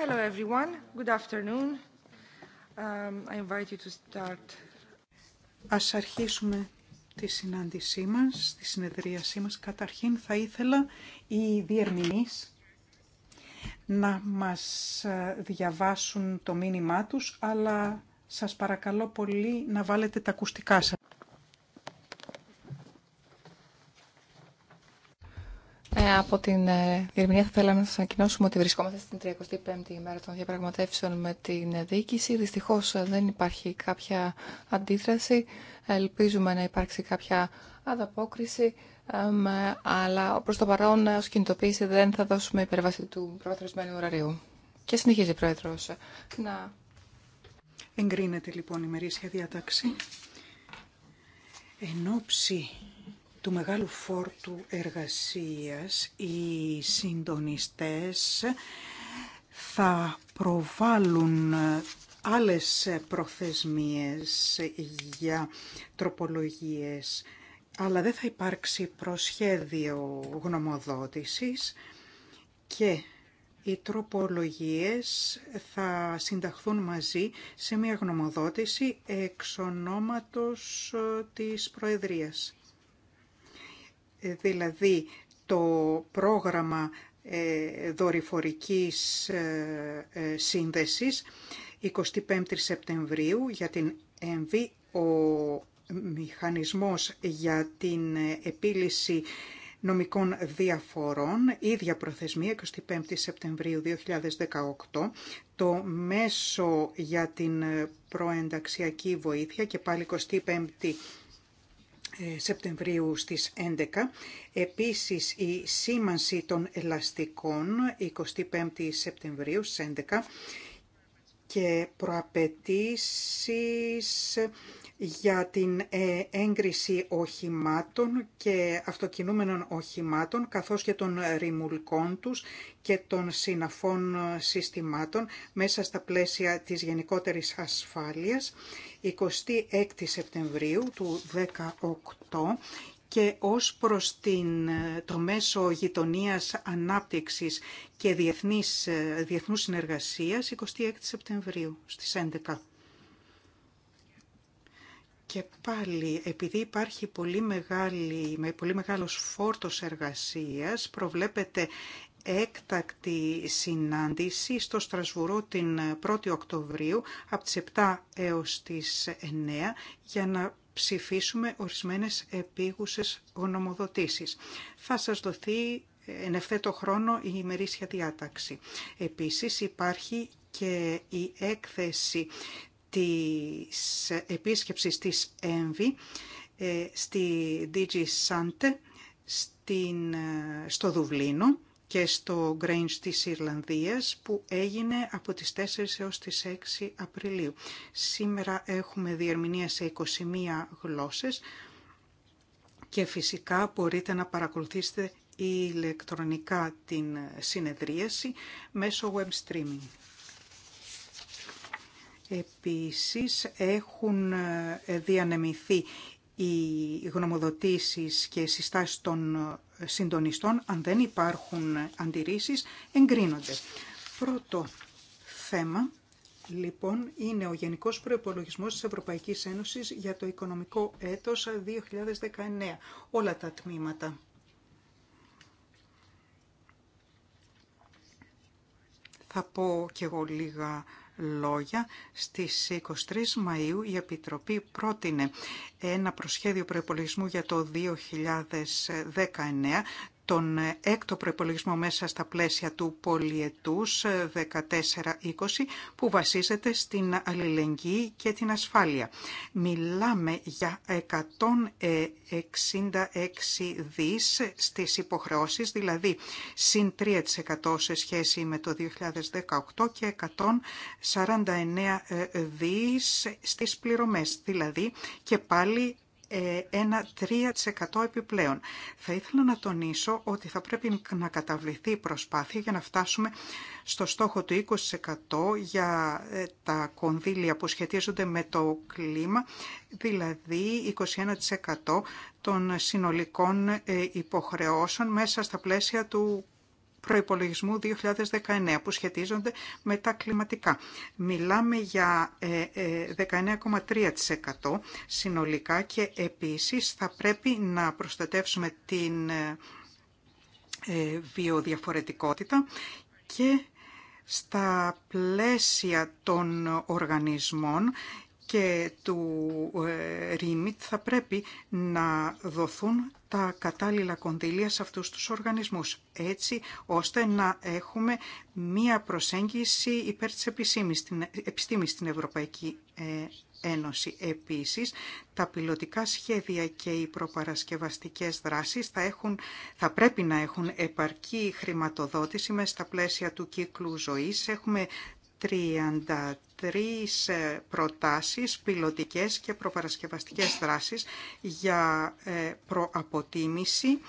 Hello everyone. Good afternoon. Um, I invite you to Ας αρχίσουμε τη συνάντησή μας, τη συνεδρίασή μας. Καταρχήν θα ήθελα οι διερμηνείς να μας ε, διαβάσουν το μήνυμά τους, αλλά σας παρακαλώ πολύ να βάλετε τα ακουστικά σας. από την ε, ερμηνεία θα θέλαμε να σας ανακοινώσουμε ότι βρισκόμαστε στην 35η ημέρα των διαπραγματεύσεων με την διοίκηση. Δυστυχώς ε, δεν υπάρχει κάποια αντίδραση. Ελπίζουμε να υπάρξει κάποια ανταπόκριση. αλλά προς το παρόν ε, ως κινητοποίηση δεν θα δώσουμε υπερβάση του προαθροισμένου ωραρίου. Και συνεχίζει η Πρόεδρος. Να... Εγκρίνεται λοιπόν η μερίσια διάταξη. Εν όψη του μεγάλου φόρτου εργασίας οι συντονιστές θα προβάλλουν άλλες προθεσμίες για τροπολογίες, αλλά δεν θα υπάρξει προσχέδιο γνωμοδότησης και οι τροπολογίες θα συνταχθούν μαζί σε μια γνωμοδότηση εξ της Προεδρίας δηλαδή το πρόγραμμα ε, δορυφορικής ε, ε, σύνδεσης 25 Σεπτεμβρίου για την ΕΜΒΗ, ο μηχανισμός για την επίλυση νομικών διαφορών, ίδια προθεσμία 25 Σεπτεμβρίου 2018, το μέσο για την προενταξιακή βοήθεια και πάλι 25 ε, Σεπτεμβρίου στις 11. Επίσης η σήμανση των ελαστικών 25 Σεπτεμβρίου στις 11 και προαπαιτήσεις για την ε, έγκριση οχημάτων και αυτοκινούμενων οχημάτων καθώς και των ρημουλκών τους και των συναφών ε, συστημάτων μέσα στα πλαίσια της γενικότερης ασφάλειας 26 Σεπτεμβρίου του 2018 και ως προς την, ε, το μέσο γειτονίας ανάπτυξης και διεθνής, διεθνούς συνεργασίας 26 Σεπτεμβρίου στις 11. Και πάλι, επειδή υπάρχει πολύ, μεγάλη, με πολύ μεγάλος φόρτος εργασίας, προβλέπεται έκτακτη συνάντηση στο Στρασβουρό την 1η Οκτωβρίου από τις 7 έως τις 9 για να ψηφίσουμε ορισμένες επίγουσες γνωμοδοτήσεις. Θα σας δοθεί εν ευθέτω χρόνο η ημερήσια διάταξη. Επίσης υπάρχει και η έκθεση της επίσκεψης της ΕΜΒΗ στη DG Sante ε, στο Δουβλίνο και στο Grange της Ιρλανδίας που έγινε από τις 4 έως τις 6 Απριλίου. Σήμερα έχουμε διερμηνία σε 21 γλώσσες και φυσικά μπορείτε να παρακολουθήσετε ηλεκτρονικά την συνεδρίαση μέσω web streaming. Επίσης έχουν ε, διανεμηθεί οι γνωμοδοτήσεις και συστάσεις των ε, συντονιστών, αν δεν υπάρχουν αντιρρήσεις, εγκρίνονται. Πρώτο θέμα, λοιπόν, είναι ο Γενικός Προϋπολογισμός της Ευρωπαϊκής Ένωσης για το οικονομικό έτος 2019. Όλα τα τμήματα. Θα πω και εγώ λίγα λόγια, στις 23 Μαΐου η Επιτροπή πρότεινε ένα προσχέδιο προϋπολογισμού για το 2019, τον έκτο προϋπολογισμό μέσα στα πλαίσια του πολιετούς 14-20 που βασίζεται στην αλληλεγγύη και την ασφάλεια. Μιλάμε για 166 δις στις υποχρεώσεις, δηλαδή συν 3% σε σχέση με το 2018 και 149 δις στις πληρωμές, δηλαδή και πάλι ε, ένα 3% επιπλέον. Θα ήθελα να τονίσω ότι θα πρέπει να καταβληθεί η προσπάθεια για να φτάσουμε στο στόχο του 20% για ε, τα κονδύλια που σχετίζονται με το κλίμα, δηλαδή 21% των συνολικών ε, υποχρεώσεων μέσα στα πλαίσια του προϋπολογισμού 2019 που σχετίζονται με τα κλιματικά. Μιλάμε για 19,3% ε, ε, συνολικά και επίσης θα πρέπει να προστατεύσουμε την ε, βιοδιαφορετικότητα και στα πλαίσια των οργανισμών και του ε, ΡΙΜΙΤ θα πρέπει να δοθούν τα κατάλληλα κονδύλια σε αυτούς τους οργανισμούς, έτσι ώστε να έχουμε μία προσέγγιση υπέρ της επιστήμης στην Ευρωπαϊκή ε, Ένωση. Επίσης, τα πιλωτικά σχέδια και οι προπαρασκευαστικές δράσεις θα, έχουν, θα πρέπει να έχουν επαρκή χρηματοδότηση μέσα στα πλαίσια του κύκλου ζωής. Έχουμε 33 ε, προτάσεις πιλωτικές και προπαρασκευαστικές δράσεις για ε, προαποτίμηση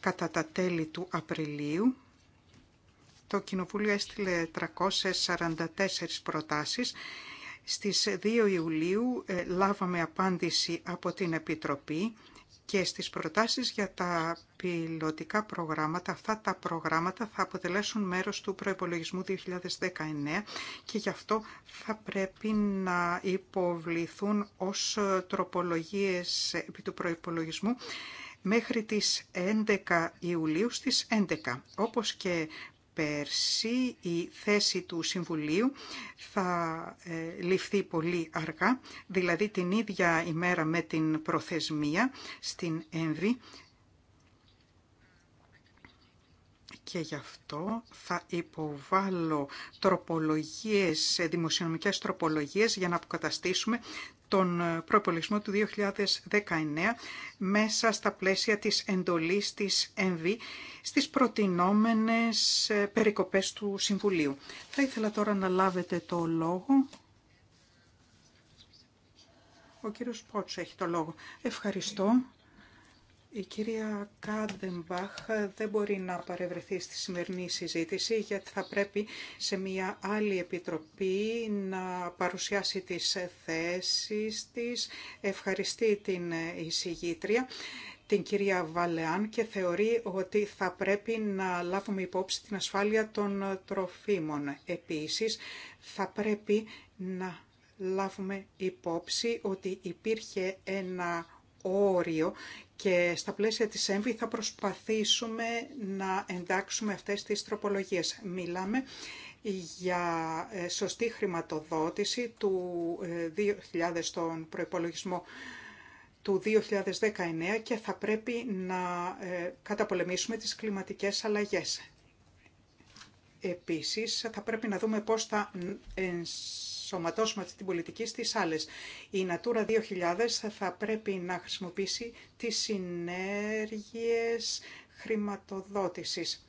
κατά τα τέλη του Απριλίου. Το Κοινοβούλιο έστειλε 344 προτάσεις. Στις 2 Ιουλίου ε, λάβαμε απάντηση από την Επιτροπή και στις προτάσεις για τα πιλωτικά προγράμματα, αυτά τα προγράμματα θα αποτελέσουν μέρος του προϋπολογισμού 2019 και γι' αυτό θα πρέπει να υποβληθούν ως τροπολογίες επί του προϋπολογισμού μέχρι τις 11 Ιουλίου στις 11. Όπως και πέρσι η θέση του Συμβουλίου θα ε, ληφθεί πολύ αργά, δηλαδή την ίδια ημέρα με την προθεσμία στην ΕΜΒΗ και γι' αυτό θα υποβάλω τροπολογίες, δημοσιονομικές τροπολογίες για να αποκαταστήσουμε τον ε, προπολισμό του 2019 μέσα στα πλαίσια της εντολής της ΕΜΒ στις προτινόμενες ε, περικοπές του Συμβουλίου. Θα ήθελα τώρα να λάβετε το λόγο. Ο κύριος Πότς έχει το λόγο. Ευχαριστώ. Η κυρία Κάντεμπαχ δεν μπορεί να παρευρεθεί στη σημερινή συζήτηση γιατί θα πρέπει σε μια άλλη επιτροπή να παρουσιάσει τις θέσεις της. Ευχαριστεί την εισηγήτρια την κυρία Βαλεάν και θεωρεί ότι θα πρέπει να λάβουμε υπόψη την ασφάλεια των τροφίμων. Επίσης, θα πρέπει να λάβουμε υπόψη ότι υπήρχε ένα όριο και στα πλαίσια της ΕΜΒΗ θα προσπαθήσουμε να εντάξουμε αυτές τις τροπολογίες. Μιλάμε για ε, σωστή χρηματοδότηση του 2000 ε, στον προϋπολογισμό του 2019 και θα πρέπει να ε, καταπολεμήσουμε τις κλιματικές αλλαγές. Επίσης, θα πρέπει να δούμε πώς θα ενσωματώσουμε αυτή την πολιτική στις άλλες. Η Natura 2000 θα πρέπει να χρησιμοποιήσει τις συνέργειες χρηματοδότησης.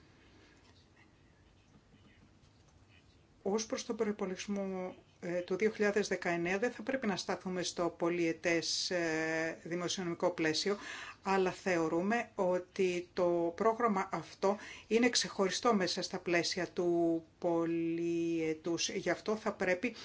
Ως προς τον προϋπολογισμό ε, του 2019 δεν θα πρέπει να στάθουμε στο πολιετές ε, δημοσιονομικό πλαίσιο, αλλά θεωρούμε ότι το πρόγραμμα αυτό είναι ξεχωριστό μέσα στα πλαίσια του πολιετούς. Γι' αυτό θα πρέπει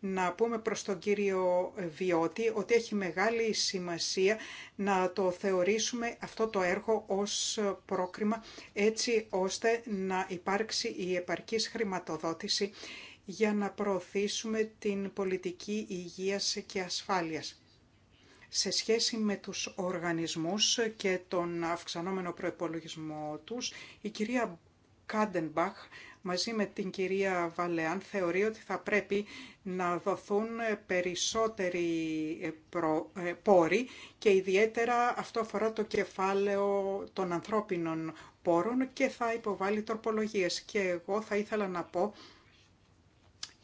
να πούμε προς τον κύριο Βιώτη ότι έχει μεγάλη σημασία να το θεωρήσουμε αυτό το έργο ως πρόκριμα έτσι ώστε να υπάρξει η επαρκής χρηματοδότηση για να προωθήσουμε την πολιτική υγείας και ασφάλειας σε σχέση με τους οργανισμούς και τον αυξανόμενο προϋπολογισμό τους, η κυρία Κάντενμπαχ μαζί με την κυρία Βαλεάν θεωρεί ότι θα πρέπει να δοθούν περισσότεροι ε, ε, πόροι και ιδιαίτερα αυτό αφορά το κεφάλαιο των ανθρώπινων πόρων και θα υποβάλει τροπολογίες. Και εγώ θα ήθελα να πω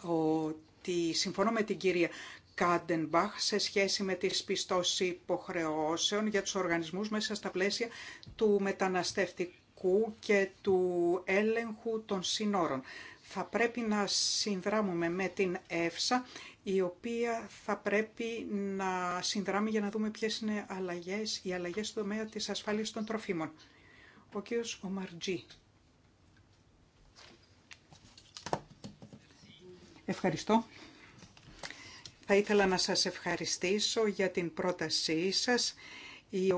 ότι συμφωνώ με την κυρία Κάντενμπαχ σε σχέση με τις πιστώσεις υποχρεώσεων για τους οργανισμούς μέσα στα πλαίσια του μεταναστευτικού και του έλεγχου των συνόρων. Θα πρέπει να συνδράμουμε με την ΕΦΣΑ, η οποία θα πρέπει να συνδράμει για να δούμε ποιες είναι αλλαγές, οι αλλαγές στο τομέα της ασφάλειας των τροφίμων. Ο κ. Ομαρτζή. Ευχαριστώ. Θα ήθελα να σας ευχαριστήσω για την πρότασή σας, η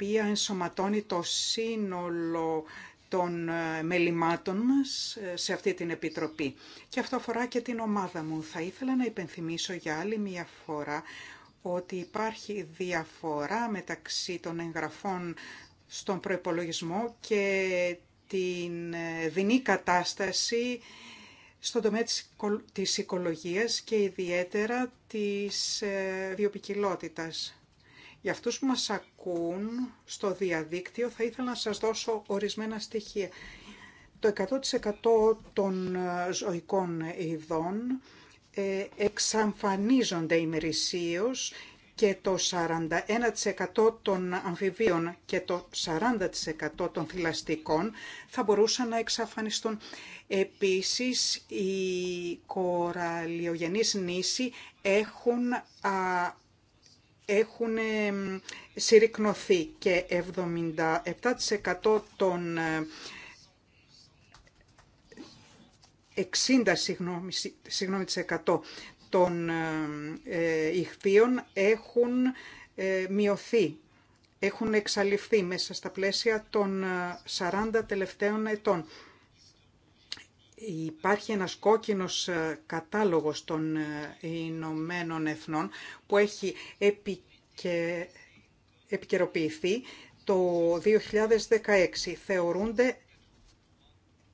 οποία ενσωματώνει το σύνολο των ε, μελημάτων μας ε, σε αυτή την Επιτροπή. Και αυτό αφορά και την ομάδα μου. Θα ήθελα να υπενθυμίσω για άλλη μια φορά ότι υπάρχει διαφορά μεταξύ των εγγραφών στον προϋπολογισμό και την ε, δινή κατάσταση στον τομέα της οικολογίας και ιδιαίτερα της βιοπικιλότητας. Για αυτούς που μας ακούν στο διαδίκτυο θα ήθελα να σας δώσω ορισμένα στοιχεία. Το 100% των ζωικών ειδών ε, εξαμφανίζονται ημερησίως και το 41% των αμφιβίων και το 40% των θηλαστικών θα μπορούσαν να εξαφανιστούν. Επίσης, οι κοραλιογενείς νήσοι έχουν έχουν συρρυκνωθεί και 77% των 60% ε, συγγνώμη, συγγνώμη των ε, ε, ηχθείων έχουν ε, μειωθεί, έχουν εξαλειφθεί μέσα στα πλαίσια των 40 ε, τελευταίων ετών. Υπάρχει ένας κόκκινος ε, κατάλογος των ε, Ηνωμένων Εθνών που έχει επικαιροποιηθεί το 2016. Θεωρούνται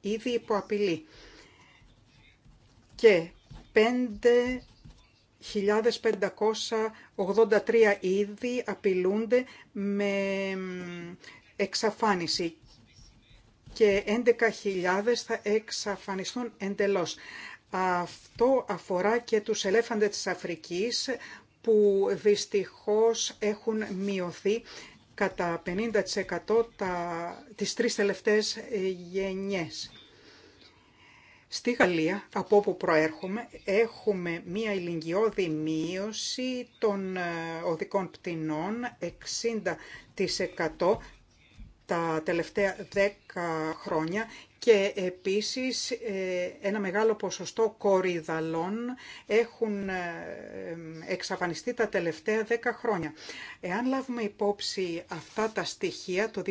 ήδη υπό απειλή. Και 5.583 ήδη απειλούνται με εξαφάνιση και 11.000 θα εξαφανιστούν εντελώς. Αυτό αφορά και τους ελέφαντες της Αφρικής που δυστυχώς έχουν μειωθεί κατά 50% τα, τις τρεις τελευταίες ε, γενιές. Στη Γαλλία, από όπου προέρχομαι, έχουμε μία ηλικιώδη μείωση των ε, οδικών πτηνών 60% τα τελευταία 10 χρόνια και επίσης ε, ένα μεγάλο ποσοστό κοριδαλών έχουν ε, εξαφανιστεί τα τελευταία 10 χρόνια. Εάν λάβουμε υπόψη αυτά τα στοιχεία, το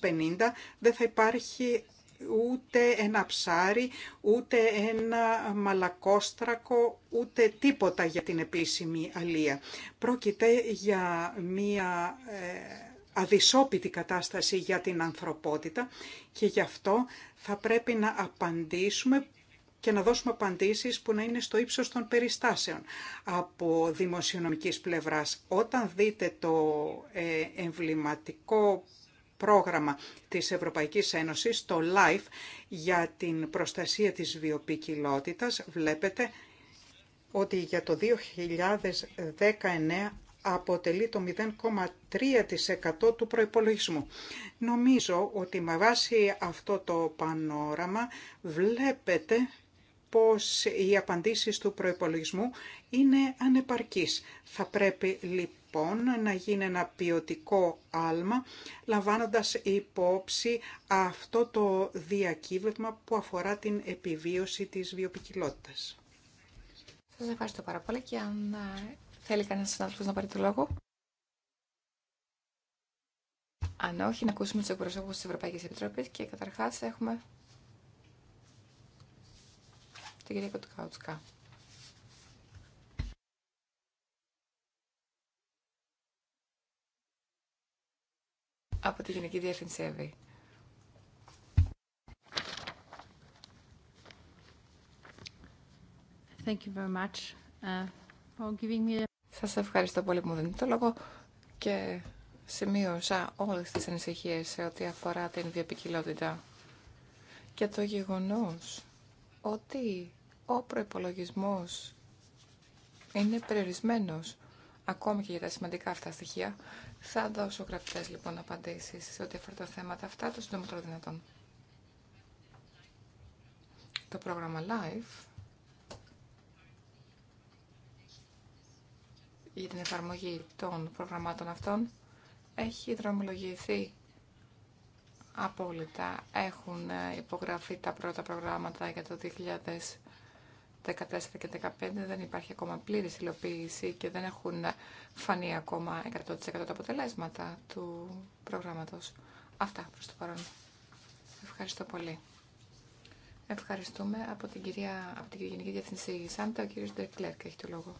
2050 δεν θα υπάρχει ούτε ένα ψάρι, ούτε ένα μαλακόστρακο, ούτε τίποτα για την επίσημη αλία. Πρόκειται για μία ε, αδυσόπιτη κατάσταση για την ανθρωπότητα και γι' αυτό θα πρέπει να απαντήσουμε και να δώσουμε απαντήσεις που να είναι στο ύψος των περιστάσεων από δημοσιονομικής πλευράς. Όταν δείτε το ε, εμβληματικό πρόγραμμα της Ευρωπαϊκής Ένωσης, το LIFE, για την προστασία της βιοπικιλότητας, βλέπετε ότι για το 2019 αποτελεί το 0,3% του προϋπολογισμού. Νομίζω ότι με βάση αυτό το πανόραμα βλέπετε πως οι απαντήσεις του προϋπολογισμού είναι ανεπαρκείς. Θα πρέπει λοιπόν να γίνει ένα ποιοτικό άλμα, λαμβάνοντας υπόψη αυτό το διακύβευμα που αφορά την επιβίωση της βιοπικιλότητας. Σας ευχαριστώ πάρα πολύ και αν Θέλει κανένα συνάδελφο να πάρει το λόγο. Αν όχι, να ακούσουμε τους εκπροσώπου τη Ευρωπαϊκή Επιτροπή και καταρχάς έχουμε την κυρία Κοτουκάουτσκα. από τη Γενική Διεύθυνση ΕΒΗ. Thank you very much uh, for giving me σας ευχαριστώ πολύ που μου δίνετε το λόγο και σημείωσα όλες τις ανησυχίες σε ό,τι αφορά την διαπικιλότητα και το γεγονός ότι ο προϋπολογισμός είναι περιορισμένος ακόμη και για τα σημαντικά αυτά στοιχεία. Θα δώσω γραφτές λοιπόν απαντήσεις σε ό,τι αφορά τα θέματα αυτά το συντομότερο δυνατόν. Το πρόγραμμα Live για την εφαρμογή των προγραμμάτων αυτών έχει δρομολογηθεί απόλυτα. Έχουν ε, υπογραφεί τα πρώτα προγράμματα για το 2014 και 2015. Δεν υπάρχει ακόμα πλήρης υλοποίηση και δεν έχουν ε, φανεί ακόμα 100% τα αποτελέσματα του προγράμματος. Αυτά προς το παρόν. Ευχαριστώ πολύ. Ευχαριστούμε από την, κυρία, από την Γενική Διευθυνσή Σάντα, ο κύριος Ντερκλέρκ έχει το λόγο.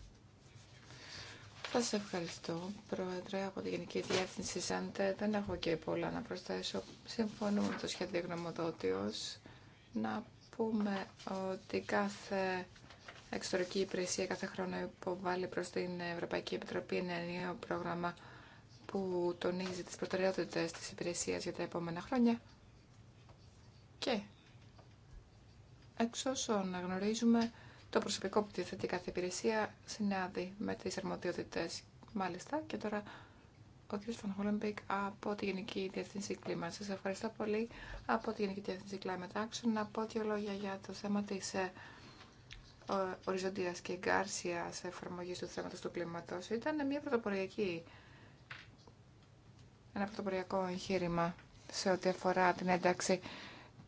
Σας ευχαριστώ, Πρόεδρε, από τη Γενική Διεύθυνση ΣΑΝΤΕ. Δεν έχω και πολλά να προσθέσω. Συμφωνούμε με το σχέδιο γνωμοδότηως. να πούμε ότι κάθε εξωτερική υπηρεσία κάθε χρόνο υποβάλλει προς την Ευρωπαϊκή Επιτροπή ένα νέο πρόγραμμα που τονίζει τις προτεραιότητες της υπηρεσίας για τα επόμενα χρόνια. Και εξ όσων γνωρίζουμε, το προσωπικό που διαθέτει κάθε υπηρεσία συνάδει με τις αρμοδιότητες. Μάλιστα, και τώρα ο κ. Φανχόλεμπικ από τη Γενική Διεύθυνση Κλίμα. Σας ευχαριστώ πολύ από τη Γενική Διεύθυνση Κλίμα. Action. Να πω δύο λόγια για το θέμα της ε, οριζόντιας και εγκάρσιας εφαρμογής του θέματος του κλίματος. Ήταν μια πρωτοποριακή, ένα πρωτοποριακό εγχείρημα σε ό,τι αφορά την ένταξη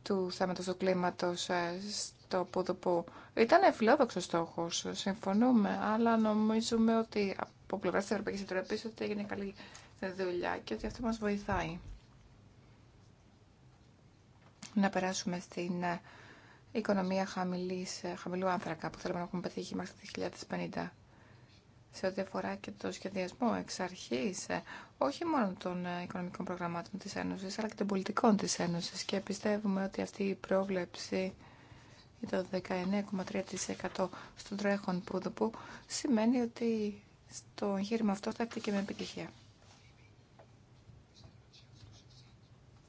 του θέματος του κλίματος ε, αυτό που το πω. Ήταν φιλόδοξο στόχο, συμφωνούμε, αλλά νομίζουμε ότι από πλευρά τη Ευρωπαϊκή Επιτροπή ότι έγινε καλή δουλειά και ότι αυτό μα βοηθάει. Να περάσουμε στην ε, οικονομία χαμηλής, ε, χαμηλού άνθρακα που θέλουμε να έχουμε πετύχει μέχρι το 2050 σε ό,τι αφορά και το σχεδιασμό εξ αρχής, ε, όχι μόνο των οικονομικών προγραμμάτων της Ένωσης, αλλά και των πολιτικών της Ένωσης. Και πιστεύουμε ότι αυτή η πρόβλεψη το 19,3% στον τρέχον πουδουπού, σημαίνει ότι στο εγχείρημα αυτό θα έρθει και με επιτυχία.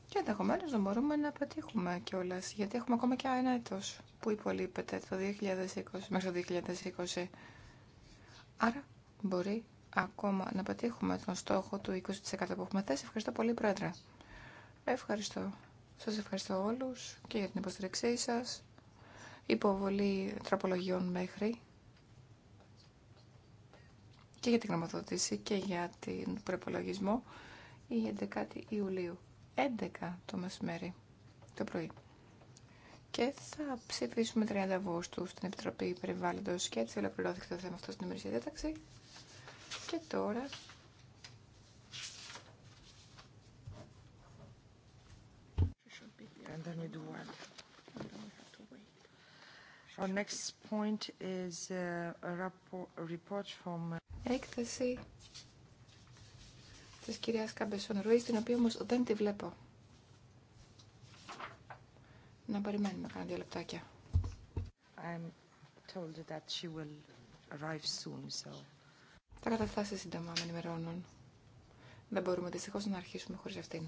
Και ενδεχομένω να μπορούμε να πετύχουμε κιόλα, γιατί έχουμε ακόμα και ένα έτο που υπολείπεται το 2020, μέχρι το 2020. Άρα μπορεί ακόμα να πετύχουμε τον στόχο του 20% που έχουμε θέσει. Ευχαριστώ πολύ, Πρόεδρε. Ευχαριστώ. Σας ευχαριστώ όλους και για την υποστήριξή σας υποβολή τραπολογιών μέχρι και για την γραμματοδότηση και για την προπολογισμό η 11η Ιουλίου. 11 το μεσημέρι, το πρωί. Και θα ψηφίσουμε 30 Αυγούστου στην Επιτροπή Περιβάλλοντος και έτσι ολοκληρώθηκε το θέμα αυτό στην ημερήσια διάταξη. Και τώρα Έκθεση της κυρίας Καμπεσόν Ρουής, την οποία όμως δεν τη βλέπω. Να περιμένουμε κάνα δύο λεπτάκια. I'm told that Θα καταφτάσει σύντομα, με ενημερώνουν. Δεν μπορούμε δυστυχώς να αρχίσουμε χωρίς αυτήν.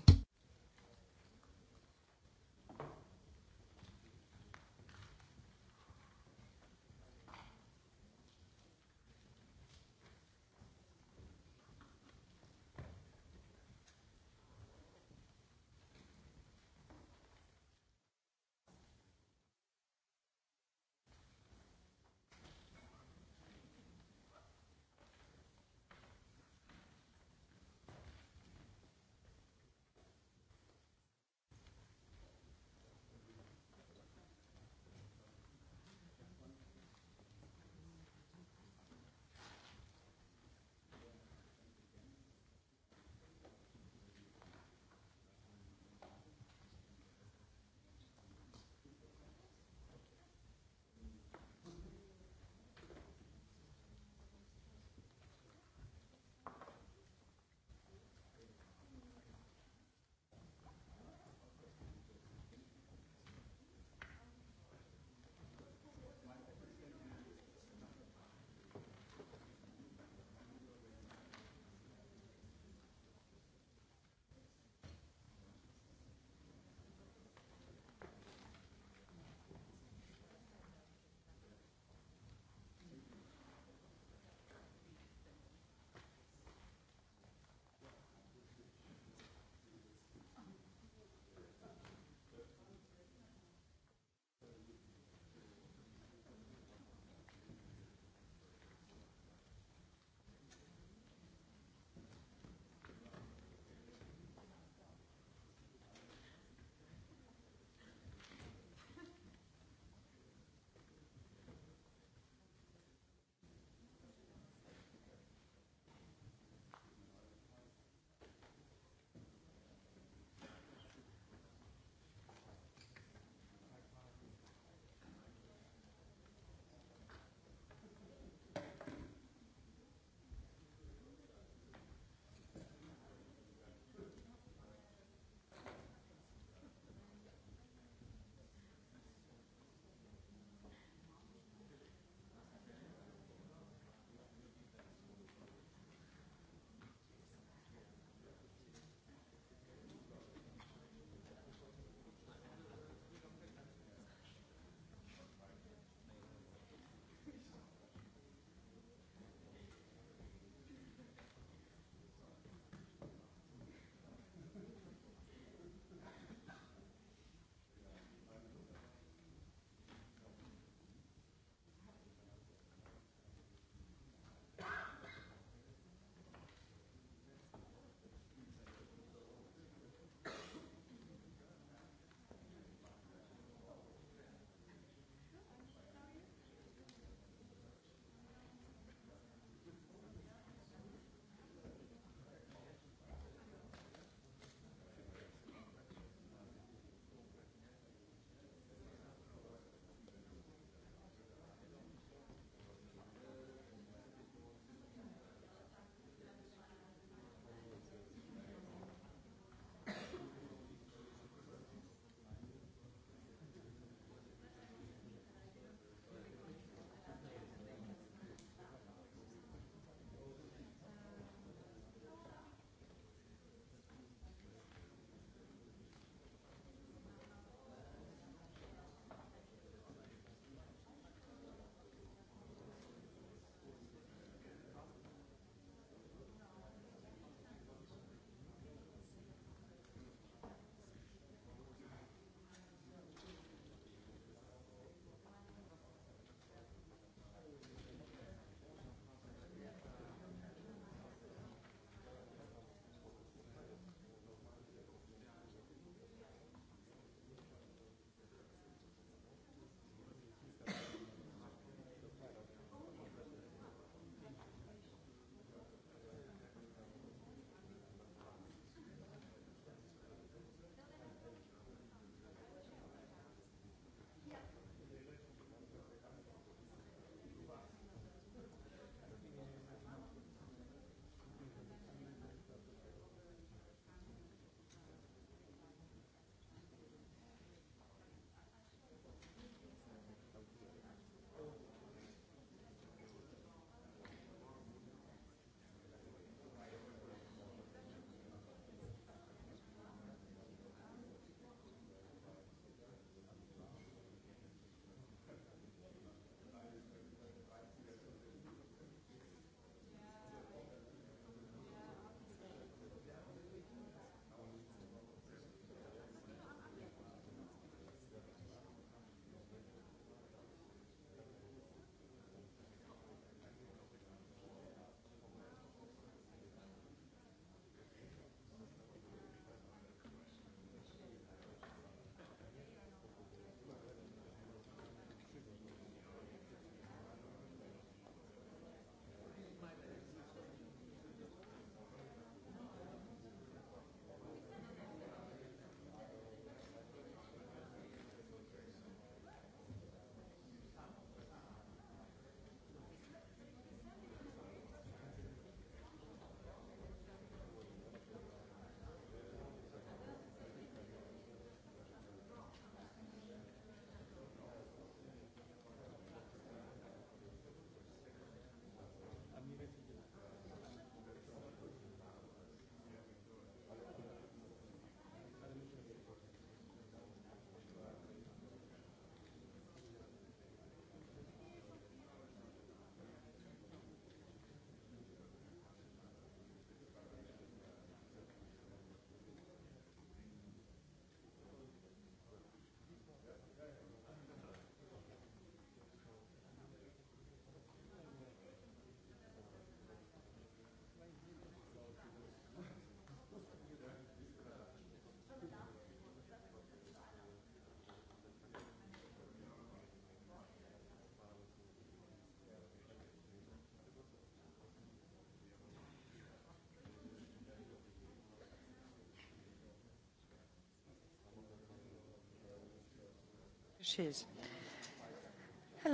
Uh,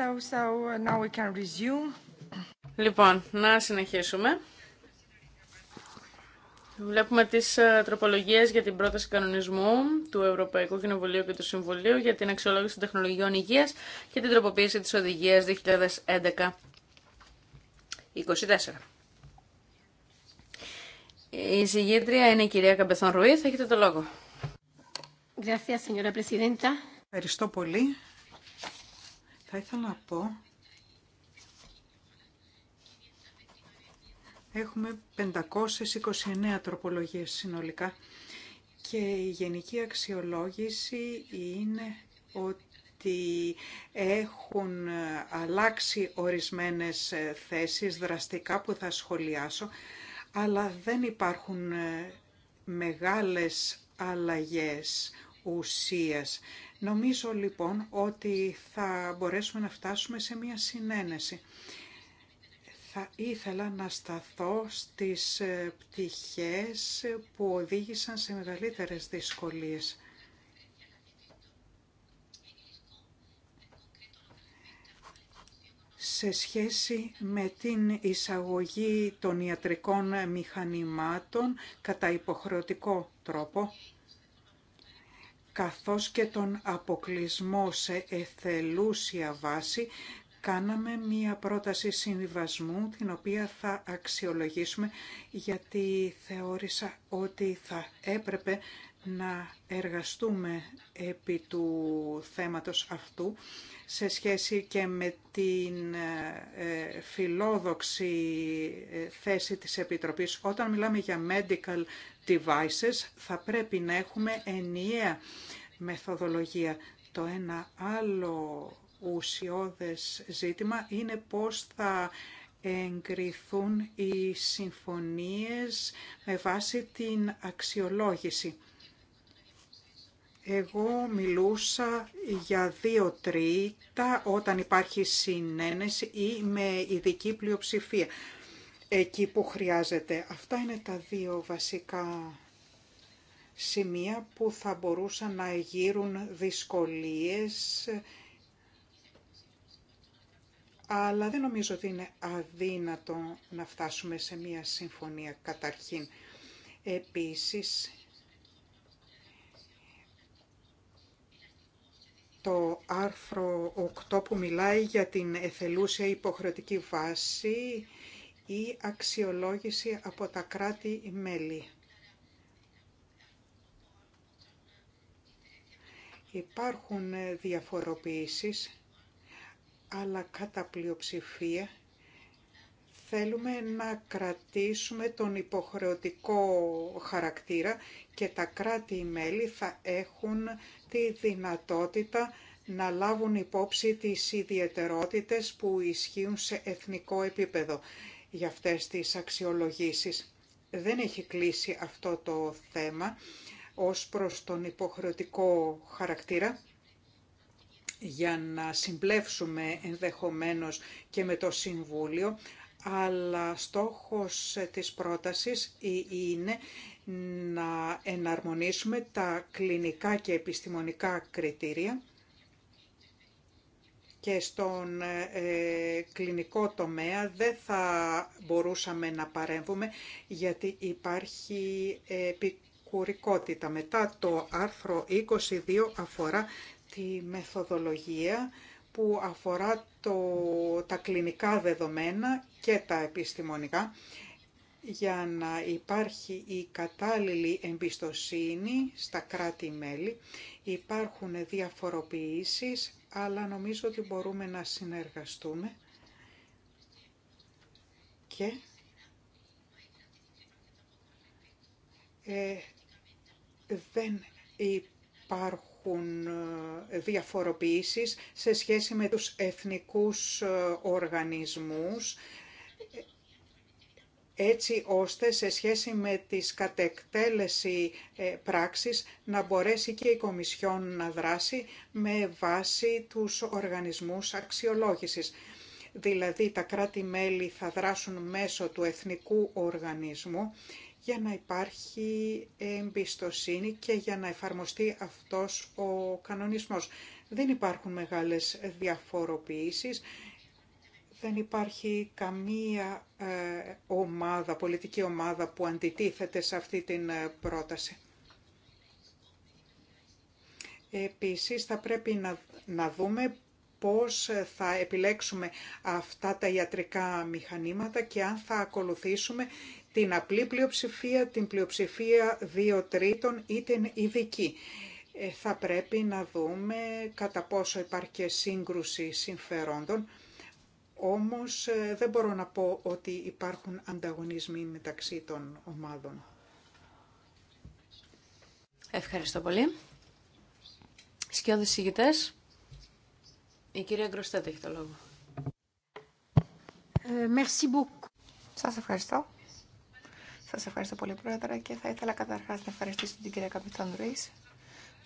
λοιπόν, να συνεχίσουμε. Βλέπουμε τις ε, τροπολογίες για την πρόταση κανονισμού του Ευρωπαϊκού Κοινοβουλίου και του Συμβουλίου για την αξιολόγηση των τεχνολογιών υγείας και την τροποποίηση της οδηγίας 2011-2024. Η συγγήτρια είναι η κυρία Καμπεθόν Ρουή. έχετε το λόγο. Ευχαριστώ, señora Ευχαριστώ πολύ. Θα ήθελα να πω... Έχουμε 529 τροπολογίες συνολικά και η γενική αξιολόγηση είναι ότι έχουν αλλάξει ορισμένες θέσεις δραστικά που θα σχολιάσω, αλλά δεν υπάρχουν μεγάλες αλλαγές ουσίας. Νομίζω λοιπόν ότι θα μπορέσουμε να φτάσουμε σε μια συνένεση. Θα ήθελα να σταθώ στις ε, πτυχές που οδήγησαν σε μεγαλύτερες δυσκολίες. σε σχέση με την εισαγωγή των ιατρικών μηχανημάτων κατά υποχρεωτικό τρόπο καθώς και τον αποκλεισμό σε εθελούσια βάση, κάναμε μία πρόταση συμβιβασμού, την οποία θα αξιολογήσουμε, γιατί θεώρησα ότι θα έπρεπε να εργαστούμε επί του θέματος αυτού σε σχέση και με την ε, φιλόδοξη ε, θέση της Επιτροπής. Όταν μιλάμε για medical devices θα πρέπει να έχουμε ενιαία μεθοδολογία. Το ένα άλλο ουσιώδες ζήτημα είναι πώς θα εγκριθούν οι συμφωνίες με βάση την αξιολόγηση. Εγώ μιλούσα για δύο τρίτα όταν υπάρχει συνένεση ή με ειδική πλειοψηφία εκεί που χρειάζεται. Αυτά είναι τα δύο βασικά σημεία που θα μπορούσαν να γύρουν δυσκολίες αλλά δεν νομίζω ότι είναι αδύνατο να φτάσουμε σε μία συμφωνία καταρχήν. Επίσης, το άρθρο 8 που μιλάει για την εθελούσια υποχρεωτική βάση ή αξιολόγηση από τα κράτη-μέλη. Υπάρχουν διαφοροποιήσεις, αλλά κατά πλειοψηφία Θέλουμε να κρατήσουμε τον υποχρεωτικό χαρακτήρα και τα κράτη-μέλη θα έχουν τη δυνατότητα να λάβουν υπόψη τις ιδιαιτερότητες που ισχύουν σε εθνικό επίπεδο για αυτές τις αξιολογήσεις. Δεν έχει κλείσει αυτό το θέμα ως προς τον υποχρεωτικό χαρακτήρα για να συμπλέψουμε ενδεχομένως και με το Συμβούλιο, αλλά στόχος ε, της πρότασης είναι να εναρμονίσουμε τα κλινικά και επιστημονικά κριτήρια και στον ε, ε, κλινικό τομέα δεν θα μπορούσαμε να παρέμβουμε γιατί υπάρχει επικουρικότητα. Μετά το άρθρο 22 αφορά τη μεθοδολογία που αφορά το, τα κλινικά δεδομένα και τα επιστημονικά για να υπάρχει η κατάλληλη εμπιστοσύνη στα κράτη-μέλη. Υπάρχουν διαφοροποιήσεις, αλλά νομίζω ότι μπορούμε να συνεργαστούμε και ε, δεν υπάρχουν υπάρχουν ε, διαφοροποιήσεις σε σχέση με τους εθνικούς ε, οργανισμούς, έτσι ώστε σε σχέση με τις κατεκτέλεση ε, πράξεις να μπορέσει και η Κομισιόν να δράσει με βάση τους οργανισμούς αξιολόγησης. Δηλαδή τα κράτη-μέλη θα δράσουν μέσω του εθνικού οργανισμού για να υπάρχει εμπιστοσύνη και για να εφαρμοστεί αυτός ο κανονισμός. Δεν υπάρχουν μεγάλες διαφοροποιήσεις, δεν υπάρχει καμία ε, ομάδα, πολιτική ομάδα που αντιτίθεται σε αυτή την ε, πρόταση. Επίσης θα πρέπει να, να δούμε πώς θα επιλέξουμε αυτά τα ιατρικά μηχανήματα και αν θα ακολουθήσουμε την απλή πλειοψηφία, την πλειοψηφία δύο τρίτων ή την ειδική. Ε, θα πρέπει να δούμε κατά πόσο υπάρχει και σύγκρουση συμφερόντων, όμως ε, δεν μπορώ να πω ότι υπάρχουν ανταγωνισμοί μεταξύ των ομάδων. Ευχαριστώ πολύ. Σκιώδης ηγητές, η κυρία Γκροστέτ έχει το λόγο. Ε, merci Σας ευχαριστώ. Σα ευχαριστώ πολύ, Πρόεδρε, και θα ήθελα καταρχά να ευχαριστήσω την κυρία Καπιθόν Ρουή,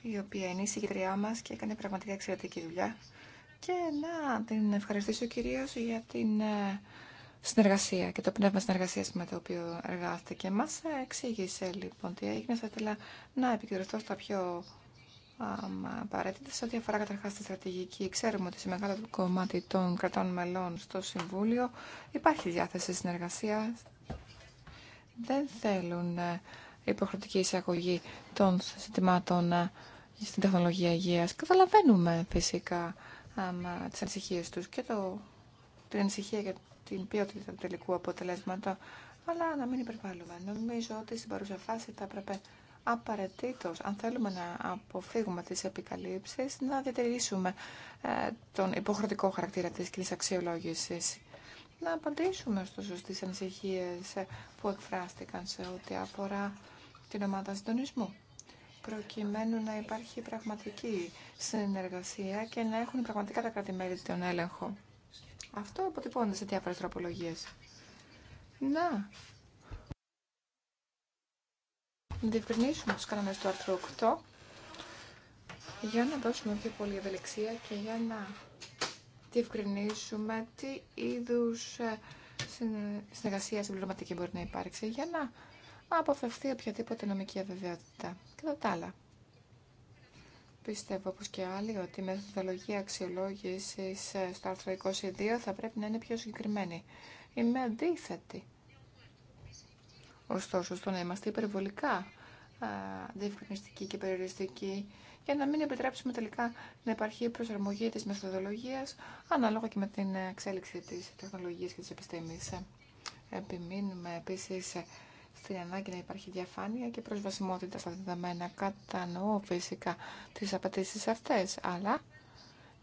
η οποία είναι η συγκεκριά μα και έκανε πραγματικά εξαιρετική δουλειά. Και να την ευχαριστήσω κυρίω για την ε, συνεργασία και το πνεύμα συνεργασία με το οποίο εργάστηκε. Μα. εξήγησε λοιπόν τι έγινε. Θα ήθελα να επικεντρωθώ στα πιο απαραίτητα σε ό,τι αφορά καταρχά τη στρατηγική. Ξέρουμε ότι σε μεγάλο κομμάτι των κρατών μελών στο Συμβούλιο υπάρχει διάθεση συνεργασία δεν θέλουν ε, υποχρεωτική εισαγωγή των συστημάτων ε, στην τεχνολογία υγείας. Καταλαβαίνουμε φυσικά ε, τις ανησυχίες τους και το, την ανησυχία για την ποιότητα του τελικού αποτελέσματο, αλλά να μην υπερβάλλουμε. Νομίζω ότι στην παρούσα φάση θα έπρεπε απαραίτητο, αν θέλουμε να αποφύγουμε τις επικαλύψεις, να διατηρήσουμε τον υποχρεωτικό χαρακτήρα της κοινής αξιολόγησης να απαντήσουμε στο σωστή ανησυχίε που εκφράστηκαν σε ό,τι αφορά την ομάδα συντονισμού προκειμένου να υπάρχει πραγματική συνεργασία και να έχουν πραγματικά τα κράτη-μέλη τον έλεγχο. Αυτό αποτυπώνεται σε διάφορες τροπολογίες. Να. Να διευκρινίσουμε του κανόνες του άρθρου 8 για να δώσουμε πιο πολύ ευελιξία και για να διευκρινίσουμε τι είδους ε, συνεργασία συμπληρωματική μπορεί να υπάρξει για να αποφευθεί οποιαδήποτε νομική αβεβαιότητα. και τα άλλα, πιστεύω όπως και άλλοι ότι η μεθοδολογία αξιολόγησης ε, στο άρθρο 22 θα πρέπει να είναι πιο συγκεκριμένη. Είμαι αντίθετη. Ωστόσο, στο να είμαστε υπερβολικά ε, διευκρινιστικοί και περιοριστικοί για να μην επιτρέψουμε τελικά να υπάρχει προσαρμογή της μεθοδολογίας ανάλογα και με την εξέλιξη της τεχνολογίας και της επιστήμης. Επιμείνουμε επίσης στην ανάγκη να υπάρχει διαφάνεια και προσβασιμότητα στα δεδομένα. Κατανοώ φυσικά τις απαιτήσει αυτές, αλλά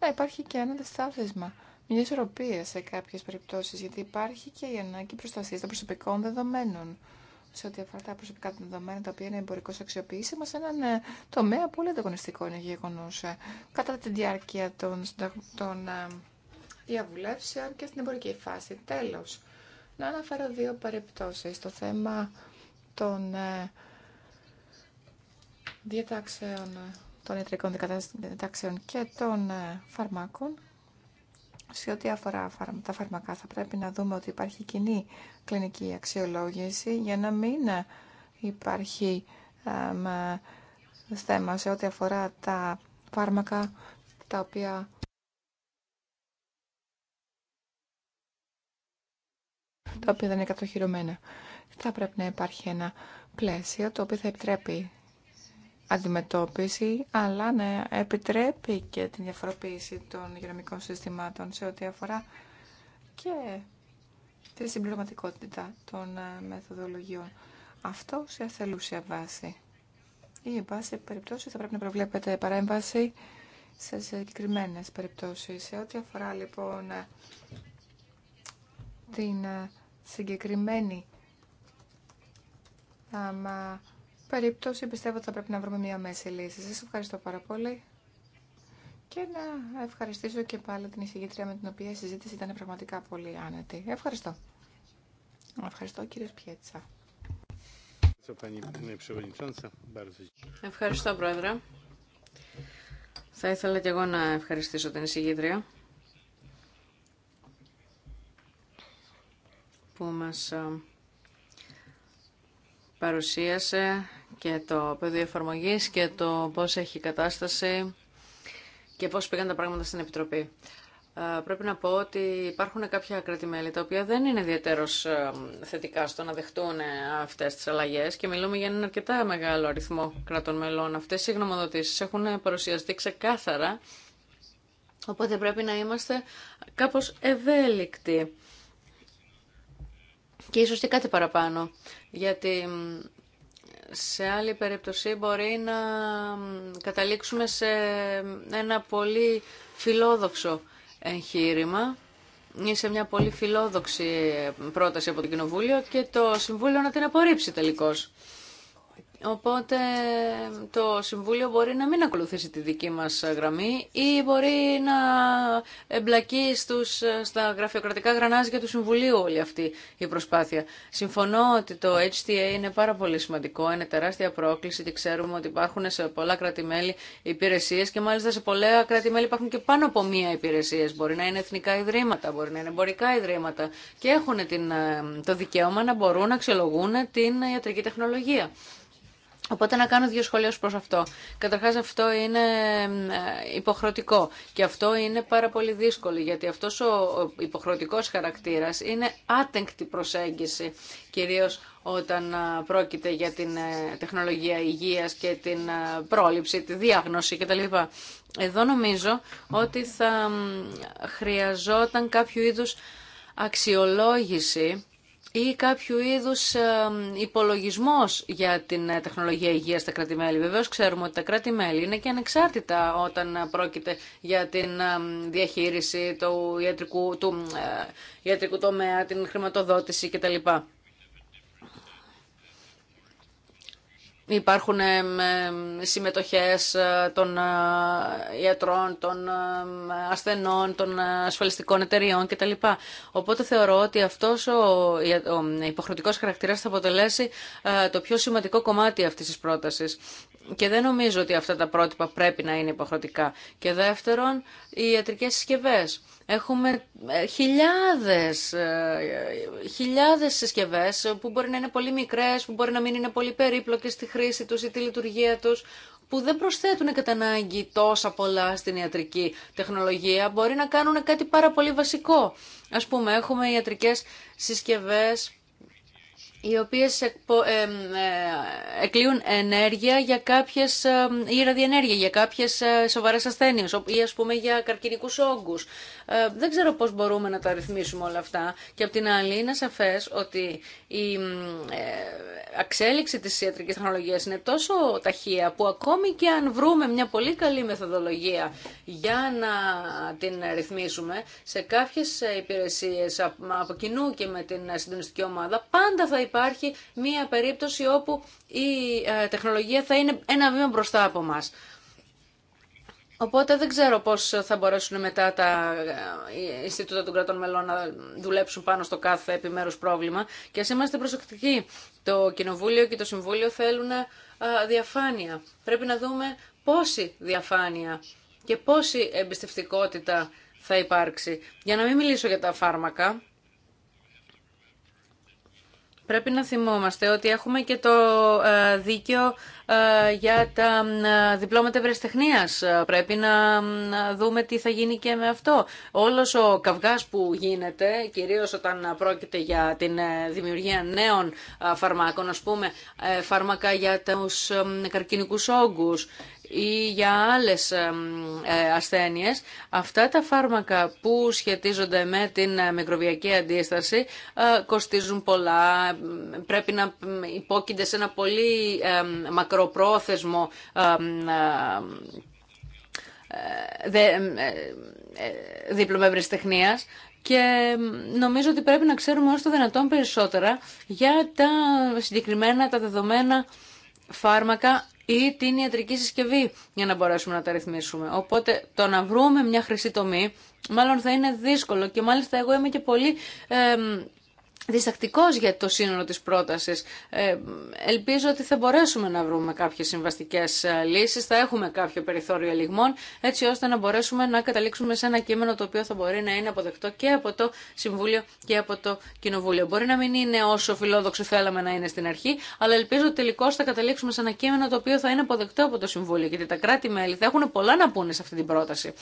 να υπάρχει και ένα διστάθισμα, μια ισορροπία σε κάποιες περιπτώσεις, γιατί υπάρχει και η ανάγκη προστασίας των προσωπικών δεδομένων σε ό,τι αφορά τα προσωπικά των τα οποία είναι εμπορικώ αξιοποιήσιμα, σε έναν ε, τομέα πολύ ανταγωνιστικό είναι γεγονό ε, κατά τη διάρκεια των, των ε, διαβουλεύσεων και στην εμπορική φάση. Τέλο, να αναφέρω δύο περιπτώσει. Το θέμα των διατάξεων των ιατρικών διατάξεων και των φαρμάκων σε ό,τι αφορά τα φαρμακά θα πρέπει να δούμε ότι υπάρχει κοινή κλινική αξιολόγηση για να μην υπάρχει θέμα σε ό,τι αφορά τα φάρμακα τα οποία τα οποία δεν είναι κατοχυρωμένα. Θα πρέπει να υπάρχει ένα πλαίσιο το οποίο θα επιτρέπει αντιμετώπιση, αλλά να επιτρέπει και την διαφοροποίηση των υγειονομικών συστημάτων σε ό,τι αφορά και τη συμπληρωματικότητα των ε, μεθοδολογιών. Αυτό σε αθελούσια βάση. Ή, βάση, περιπτώσει, θα πρέπει να προβλέπετε παρέμβαση σε συγκεκριμένες περιπτώσεις. Σε ό,τι αφορά, λοιπόν, ε, την ε, συγκεκριμένη περίπτωση πιστεύω ότι θα πρέπει να βρούμε μια μέση λύση. Σας ευχαριστώ πάρα πολύ και να ευχαριστήσω και πάλι την εισηγήτρια με την οποία η συζήτηση ήταν πραγματικά πολύ άνετη. Ευχαριστώ. Ευχαριστώ κύριε Πιέτσα. Ευχαριστώ πρόεδρε. Θα ήθελα και εγώ να ευχαριστήσω την εισηγήτρια που μας ε, παρουσίασε και το πεδίο εφαρμογή και το πώ έχει η κατάσταση και πώ πήγαν τα πράγματα στην Επιτροπή. Ε, πρέπει να πω ότι υπάρχουν κάποια κρατημέλη τα οποία δεν είναι ιδιαίτερω ε, θετικά στο να δεχτούν ε, αυτέ τι αλλαγέ και μιλούμε για έναν αρκετά μεγάλο αριθμό κρατών μελών. Αυτέ οι γνωμοδοτήσει έχουν παρουσιαστεί ξεκάθαρα, οπότε πρέπει να είμαστε κάπω ευέλικτοι και ίσως και κάτι παραπάνω, γιατί σε άλλη περίπτωση μπορεί να καταλήξουμε σε ένα πολύ φιλόδοξο εγχείρημα ή σε μια πολύ φιλόδοξη πρόταση από το Κοινοβούλιο και το Συμβούλιο να την απορρίψει τελικώς. Οπότε το Συμβούλιο μπορεί να μην ακολουθήσει τη δική μας γραμμή ή μπορεί να εμπλακεί στους, στα γραφειοκρατικά γρανάζια του Συμβουλίου όλη αυτή η προσπάθεια. Συμφωνώ ότι το HTA είναι πάρα πολύ σημαντικό, είναι τεράστια πρόκληση και ξέρουμε ότι υπάρχουν σε πολλά κράτη-μέλη υπηρεσίες και μάλιστα σε πολλά κράτη-μέλη υπάρχουν και πάνω από μία υπηρεσίες. Μπορεί να είναι εθνικά ιδρύματα, μπορεί να είναι εμπορικά ιδρύματα και έχουν την, ε, το δικαίωμα να μπορούν να αξιολογούν την ιατρική τεχνολογία. Οπότε να κάνω δύο σχολεία προς αυτό. Καταρχάς αυτό είναι ε, υποχρεωτικό και αυτό είναι πάρα πολύ δύσκολο γιατί αυτός ο υποχρεωτικός χαρακτήρας είναι άτεγκτη προσέγγιση κυρίως όταν ε, πρόκειται για την ε, τεχνολογία υγείας και την πρόληψη, τη διάγνωση κτλ. Εδώ νομίζω ότι θα χρειαζόταν κάποιο είδου αξιολόγηση ή κάποιο είδου υπολογισμό για την ε, τεχνολογία υγεία στα κράτη-μέλη. Βεβαίω, ξέρουμε ότι τα κράτη-μέλη είναι και ανεξάρτητα όταν ε, πρόκειται για την διαχείριση του ιατρικού, του ε, ιατρικού τομέα, την χρηματοδότηση κτλ. Υπάρχουν συμμετοχές ε, των ε, ιατρών, των ασθενών, των ε, ασφαλιστικών εταιριών κτλ. Οπότε θεωρώ ότι αυτός ο υποχρεωτικός χαρακτήρας θα αποτελέσει το πιο σημαντικό κομμάτι αυτής της πρότασης. Και δεν νομίζω ότι αυτά τα πρότυπα πρέπει να είναι υποχρεωτικά. Και δεύτερον, οι ιατρικές συσκευές. Έχουμε ε, χιλιάδες, ε, χιλιάδες συσκευές που μπορεί να είναι πολύ μικρές, που μπορεί να μην είναι πολύ περίπλοκες στη χρήση τους ή τη λειτουργία τους, που δεν προσθέτουν κατά ανάγκη τόσα πολλά στην ιατρική τεχνολογία, μπορεί να κάνουν κάτι πάρα πολύ βασικό. Ας πούμε, έχουμε ιατρικές συσκευές οι οποίες ε, ε, εκλείουν ενέργεια για κάποιες, ε, ή ραδιενέργεια για κάποιες σοβαρές ασθένειες ή ας πούμε για καρκινικούς όγκους. Δεν ξέρω πώς μπορούμε να τα ρυθμίσουμε όλα αυτά και απ' την άλλη είναι σαφές ότι η αξέλιξη της ιατρικής τεχνολογίας είναι τόσο ταχεία που ακόμη και αν βρούμε μια πολύ καλή μεθοδολογία για να την ρυθμίσουμε σε κάποιες υπηρεσίες από κοινού και με την συντονιστική ομάδα πάντα θα υπάρχει μία περίπτωση όπου η ε, τεχνολογία θα είναι ένα βήμα μπροστά από μας. Οπότε δεν ξέρω πώς θα μπορέσουν μετά τα ε, Ινστιτούτα των Κρατών Μελών να δουλέψουν πάνω στο κάθε επιμέρους πρόβλημα. Και ας είμαστε προσεκτικοί. Το Κοινοβούλιο και το Συμβούλιο θέλουν ε, διαφάνεια. Πρέπει να δούμε πόση διαφάνεια και πόση εμπιστευτικότητα θα υπάρξει. Για να μην μιλήσω για τα φάρμακα, Πρέπει να θυμόμαστε ότι έχουμε και το ε, δίκαιο ε, για τα ε, διπλώματα Ε, Πρέπει να δούμε τι θα γίνει και με αυτό. Όλος ο καυγάς που γίνεται, κυρίω όταν πρόκειται για την δημιουργία νέων φαρμάκων, α πούμε, φάρμακα για τους καρκινικούς όγκους, ή για άλλες ε, ασθένειες, αυτά τα φάρμακα που σχετίζονται με την ε, μικροβιακή αντίσταση ε, κοστίζουν πολλά, πρέπει να υπόκεινται σε ένα πολύ μακροπρόθεσμο δίπλωμα ευρεσιτεχνίας και νομίζω ότι πρέπει να ξέρουμε όσο δυνατόν περισσότερα για τα συγκεκριμένα τα δεδομένα φάρμακα ή την ιατρική συσκευή για να μπορέσουμε να τα ρυθμίσουμε. Οπότε το να βρούμε μια χρυσή τομή μάλλον θα είναι δύσκολο και μάλιστα εγώ είμαι και πολύ διστακτικός για το σύνολο της πρότασης. Ε, ελπίζω ότι θα μπορέσουμε να βρούμε κάποιες συμβαστικές ε, λύσεις, θα έχουμε κάποιο περιθώριο ελιγμών, έτσι ώστε να μπορέσουμε να καταλήξουμε σε ένα κείμενο το οποίο θα μπορεί να είναι αποδεκτό και από το Συμβούλιο και από το Κοινοβούλιο. Μπορεί να μην είναι όσο φιλόδοξο θέλαμε να είναι στην αρχή, αλλά ελπίζω ότι τελικώ θα καταλήξουμε σε ένα κείμενο το οποίο θα είναι αποδεκτό από το Συμβούλιο, γιατί τα κράτη-μέλη θα έχουν πολλά να πούνε σε αυτή την πρόταση.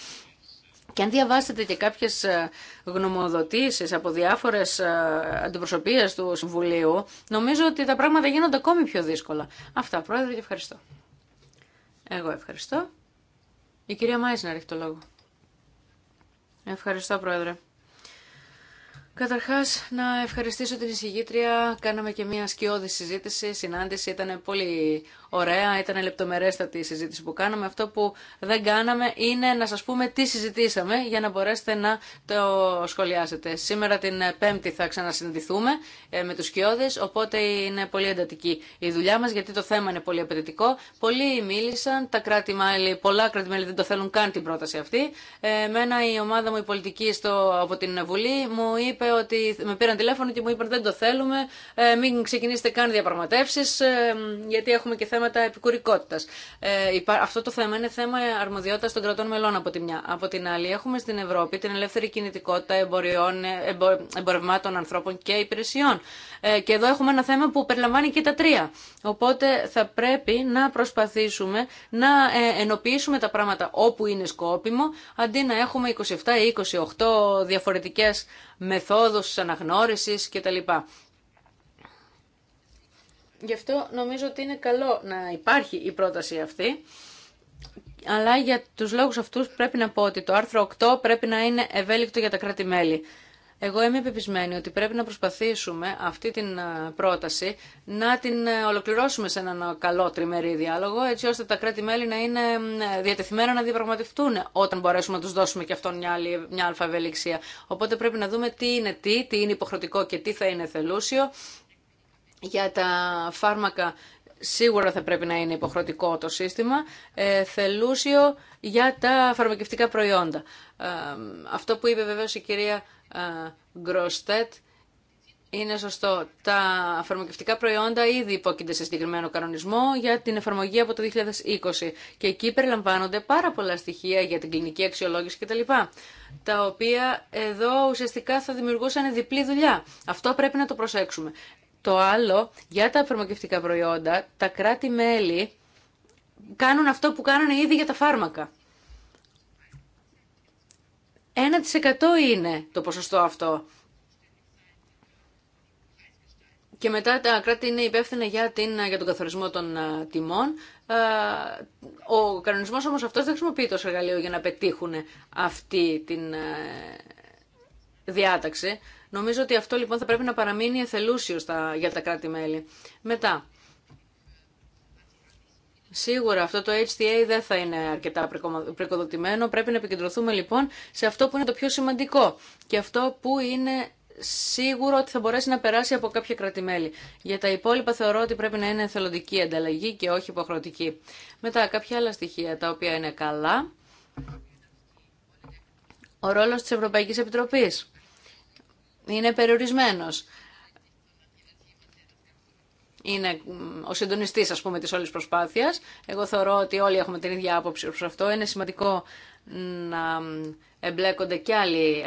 Και αν διαβάσετε και κάποιες ε, γνωμοδοτήσεις από διάφορες ε, αντιπροσωπείες του Συμβουλίου, νομίζω ότι τα πράγματα γίνονται ακόμη πιο δύσκολα. Αυτά, Πρόεδρε, και ευχαριστώ. Εγώ ευχαριστώ. Η κυρία Μάισνερ έχει το λόγο. Ευχαριστώ, Πρόεδρε. Καταρχάς, να ευχαριστήσω την εισηγήτρια. Κάναμε και μια σκιώδη συζήτηση, συνάντηση. Ήταν πολύ ωραία, ήταν λεπτομερέστατη η συζήτηση που κάναμε. Αυτό που δεν κάναμε είναι να σας πούμε τι συζητήσαμε για να μπορέσετε να το σχολιάσετε. Σήμερα την Πέμπτη θα ξανασυνδυθούμε ε, με τους κοιόδες, οπότε είναι πολύ εντατική η δουλειά μας γιατί το θέμα είναι πολύ απαιτητικό. Πολλοί μίλησαν, τα κράτη πολλά κράτη μέλη δεν το θέλουν καν την πρόταση αυτή. Ε, εμένα η ομάδα μου η πολιτική στο, από την Βουλή μου είπε ότι με πήραν τηλέφωνο και μου είπαν δεν το θέλουμε, ε, μην ξεκινήσετε καν διαπραγματεύσεις γιατί έχουμε και θέμα θέματα ε, υπά... αυτό το θέμα είναι θέμα αρμοδιότητα των κρατών μελών από τη μια. Από την άλλη έχουμε στην Ευρώπη την ελεύθερη κινητικότητα εμποριών, εμπορευμάτων ανθρώπων και υπηρεσιών. Ε, και εδώ έχουμε ένα θέμα που περιλαμβάνει και τα τρία. Οπότε θα πρέπει να προσπαθήσουμε να ε, ενοποιήσουμε τα πράγματα όπου είναι σκόπιμο, αντί να έχουμε 27 ή 28 διαφορετικέ μεθόδου αναγνώριση κτλ. Γι' αυτό νομίζω ότι είναι καλό να υπάρχει η πρόταση αυτή. Αλλά για τους λόγους αυτούς πρέπει να πω ότι το άρθρο 8 πρέπει να είναι ευέλικτο για τα κράτη-μέλη. Εγώ είμαι επιπισμένη ότι πρέπει να προσπαθήσουμε αυτή την ε, πρόταση να την ε, ολοκληρώσουμε σε έναν ε, καλό τριμερή διάλογο, έτσι ώστε τα κράτη-μέλη να είναι διατεθειμένα να διαπραγματευτούν όταν μπορέσουμε να του δώσουμε και αυτόν μια, αλφα ευελιξία. Οπότε πρέπει να δούμε τι είναι τι, τι είναι υποχρεωτικό και τι θα είναι θελούσιο για τα φάρμακα σίγουρα θα πρέπει να είναι υποχρεωτικό το σύστημα, ε, θελούσιο για τα φαρμακευτικά προϊόντα. Ε, αυτό που είπε βεβαίως η κυρία ε, Γκροστέτ είναι σωστό. Τα φαρμακευτικά προϊόντα ήδη υπόκεινται σε συγκεκριμένο κανονισμό για την εφαρμογή από το 2020 και εκεί περιλαμβάνονται πάρα πολλά στοιχεία για την κλινική αξιολόγηση κτλ. Τα οποία εδώ ουσιαστικά θα δημιουργούσαν διπλή δουλειά. Αυτό πρέπει να το προσέξουμε. Το άλλο, για τα φαρμακευτικά προϊόντα, τα κράτη-μέλη κάνουν αυτό που κάνουν ήδη για τα φάρμακα. 1% είναι το ποσοστό αυτό. Και μετά τα κράτη είναι υπεύθυνα για, την, για τον καθορισμό των τιμών. Ο κανονισμός όμως αυτός δεν χρησιμοποιεί τόσο εργαλείο για να πετύχουν αυτή την ε, διάταξη. Νομίζω ότι αυτό λοιπόν θα πρέπει να παραμείνει εθελούσιο στα, για τα κράτη-μέλη. Μετά, Σίγουρα αυτό το HTA δεν θα είναι αρκετά προικοδοτημένο. Πρέπει να επικεντρωθούμε λοιπόν σε αυτό που είναι το πιο σημαντικό και αυτό που είναι σίγουρο ότι θα μπορέσει να περάσει από κάποια κρατημέλη. Για τα υπόλοιπα θεωρώ ότι πρέπει να είναι εθελοντική ανταλλαγή και όχι υποχρεωτική. Μετά κάποια άλλα στοιχεία τα οποία είναι καλά. Ο ρόλος της Ευρωπαϊκής Επιτροπής είναι περιορισμένος. Είναι ο συντονιστής, ας πούμε, της όλης προσπάθειας. Εγώ θεωρώ ότι όλοι έχουμε την ίδια άποψη προ αυτό. Είναι σημαντικό να εμπλέκονται και άλλοι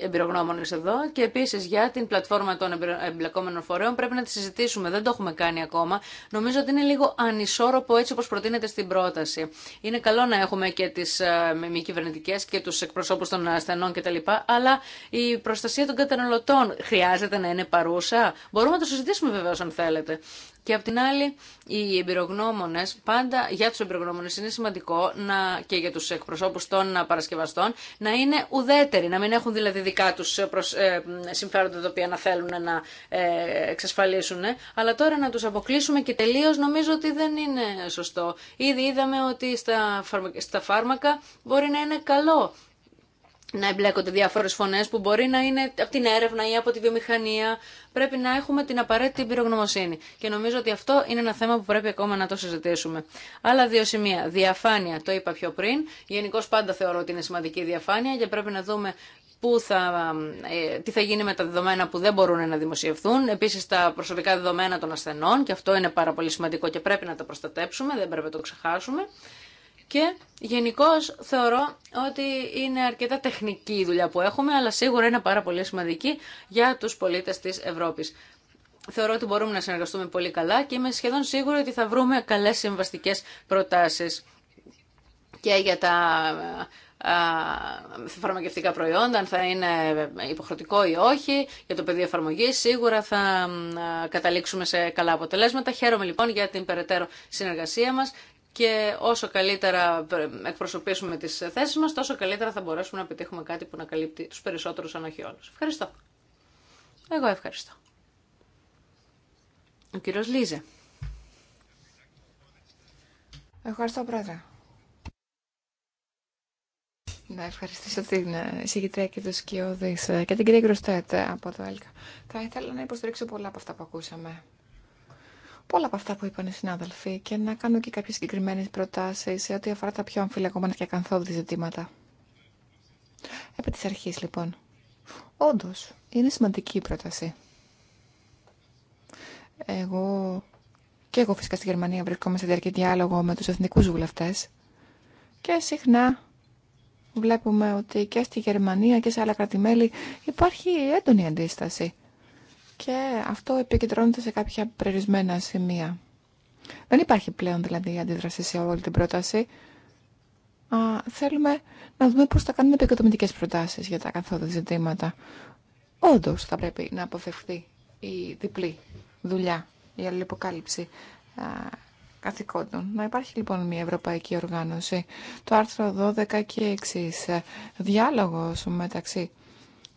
ε, εμπειρογνώμονες εδώ και επίσης για την πλατφόρμα των εμπλεκόμενων φορέων πρέπει να τη συζητήσουμε, δεν το έχουμε κάνει ακόμα. Νομίζω ότι είναι λίγο ανισόρροπο έτσι όπως προτείνεται στην πρόταση. Είναι καλό να έχουμε και τις ε, μη κυβερνητικέ και τους εκπροσώπους των ασθενών κτλ. Αλλά η προστασία των καταναλωτών χρειάζεται να είναι παρούσα. Μπορούμε να το συζητήσουμε βεβαίω αν θέλετε. Και απ' την άλλη, οι εμπειρογνώμονε, πάντα για του εμπειρογνώμονε είναι σημαντικό να, και για του εκπροσώπου των παρασκευαστών να είναι ουδέτεροι, να μην έχουν δηλαδή δικά τους ε, ε, συμφέροντα τα οποία να θέλουν να ε, εξασφαλίσουν, αλλά τώρα να τους αποκλείσουμε και τελείως νομίζω ότι δεν είναι σωστό. Ήδη είδαμε ότι στα φάρμακα μπορεί να είναι καλό να εμπλέκονται διάφορες φωνές που μπορεί να είναι από την έρευνα ή από τη βιομηχανία. Πρέπει να έχουμε την απαραίτητη πυρογνωμοσύνη. Και νομίζω ότι αυτό είναι ένα θέμα που πρέπει ακόμα να το συζητήσουμε. Άλλα δύο σημεία. Διαφάνεια, το είπα πιο πριν. Γενικώ πάντα θεωρώ ότι είναι σημαντική η διαφάνεια και πρέπει να δούμε που θα, ε, τι θα γίνει με τα δεδομένα που δεν μπορούν να δημοσιευθούν. Επίση τα προσωπικά δεδομένα των ασθενών και αυτό είναι πάρα πολύ σημαντικό και πρέπει να τα προστατέψουμε, δεν πρέπει να το ξεχάσουμε. Και γενικώ θεωρώ ότι είναι αρκετά τεχνική η δουλειά που έχουμε, αλλά σίγουρα είναι πάρα πολύ σημαντική για του πολίτε τη Ευρώπη. Θεωρώ ότι μπορούμε να συνεργαστούμε πολύ καλά και είμαι σχεδόν σίγουρη ότι θα βρούμε καλέ συμβαστικέ προτάσει. και για τα ε, ε, φαρμακευτικά προϊόντα, αν θα είναι υποχρεωτικό ή όχι, για το πεδίο εφαρμογή. Σίγουρα θα ε, καταλήξουμε σε καλά αποτελέσματα. Χαίρομαι λοιπόν για την περαιτέρω συνεργασία μα και όσο καλύτερα εκπροσωπήσουμε τις θέσεις μας, τόσο καλύτερα θα μπορέσουμε να πετύχουμε κάτι που να καλύπτει τους περισσότερους, αν όχι όλους. Ευχαριστώ. Εγώ ευχαριστώ. Ο κύριος Λίζε. Ευχαριστώ, πρόεδρε. Να ευχαριστήσω την ε, συγκριτή και του Σκιώδη ε, και την κυρία Γκροστέτ ε, από το ΕΛΚΑ. Θα ήθελα να υποστηρίξω πολλά από αυτά που ακούσαμε πολλά από αυτά που είπαν οι συνάδελφοι και να κάνω και κάποιες συγκεκριμένε προτάσεις σε ό,τι αφορά τα πιο αμφιλεγόμενα και ακαθόδη ζητήματα. Επί της αρχής λοιπόν. Όντως, είναι σημαντική η πρόταση. Εγώ και εγώ φυσικά στη Γερμανία βρισκόμαστε σε διαρκή διάλογο με τους εθνικούς βουλευτές και συχνά βλέπουμε ότι και στη Γερμανία και σε άλλα κρατημέλη υπάρχει έντονη αντίσταση και αυτό επικεντρώνεται σε κάποια περιορισμένα σημεία. Δεν υπάρχει πλέον δηλαδή η αντίδραση σε όλη την πρόταση. Α, θέλουμε να δούμε πώς θα κάνουμε επικοδομητικές προτάσεις για τα καθόδη ζητήματα. Όντως θα πρέπει να αποφευθεί η διπλή δουλειά, η αλληλεποκάλυψη καθηκόντων. Να υπάρχει λοιπόν μια ευρωπαϊκή οργάνωση. Το άρθρο 12 και 6. διάλογος μεταξύ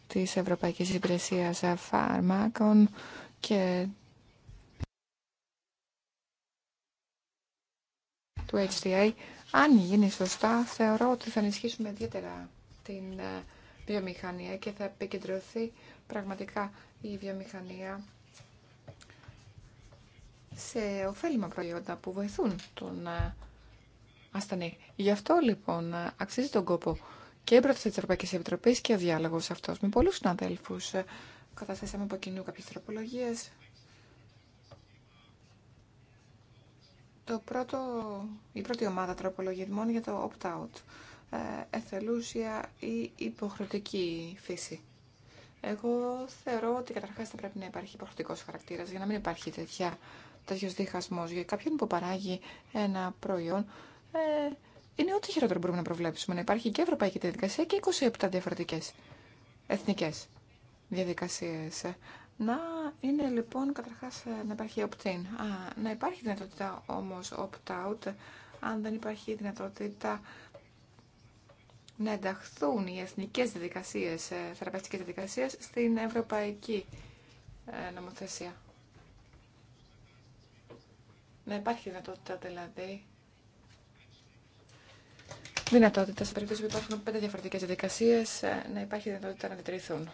της Ευρωπαϊκής Υπηρεσίας Φάρμακων και του HDA. Αν γίνει σωστά, θεωρώ ότι θα ενισχύσουμε ιδιαίτερα την ε, βιομηχανία και θα επικεντρωθεί πραγματικά η βιομηχανία σε ωφέλιμα προϊόντα που βοηθούν τον ε, ασθενή. Γι' αυτό λοιπόν ε, αξίζει τον κόπο και η πρόταση τη Ευρωπαϊκή Επιτροπή και ο διάλογο αυτό με πολλού συναδέλφου. Ε, καταθέσαμε από κοινού κάποιε τροπολογίε. Το πρώτο, η πρώτη ομάδα τροπολογισμών για το opt-out. Ε, εθελούσια ή υποχρεωτική φύση. Εγώ θεωρώ ότι καταρχά θα πρέπει να υπάρχει υποχρεωτικό χαρακτήρα για να μην υπάρχει τέτοια τέτοιο διχασμό. Για κάποιον που παράγει ένα προϊόν, ε, είναι ό,τι χειρότερο μπορούμε να προβλέψουμε. Να υπάρχει και ευρωπαϊκή διαδικασία και 27 διαφορετικέ εθνικές διαδικασίε. Να είναι λοιπόν καταρχάς να υπάρχει opt-in. Να υπάρχει δυνατότητα όμως opt-out αν δεν υπάρχει δυνατότητα να ενταχθούν οι εθνικέ διαδικασίε, ε, θεραπευτικές διαδικασίες στην ευρωπαϊκή ε, νομοθεσία. Να υπάρχει δυνατότητα δηλαδή δυνατότητα σε περίπτωση που υπάρχουν πέντε διαφορετικέ διαδικασίε ε, να υπάρχει δυνατότητα να αντιτριθουν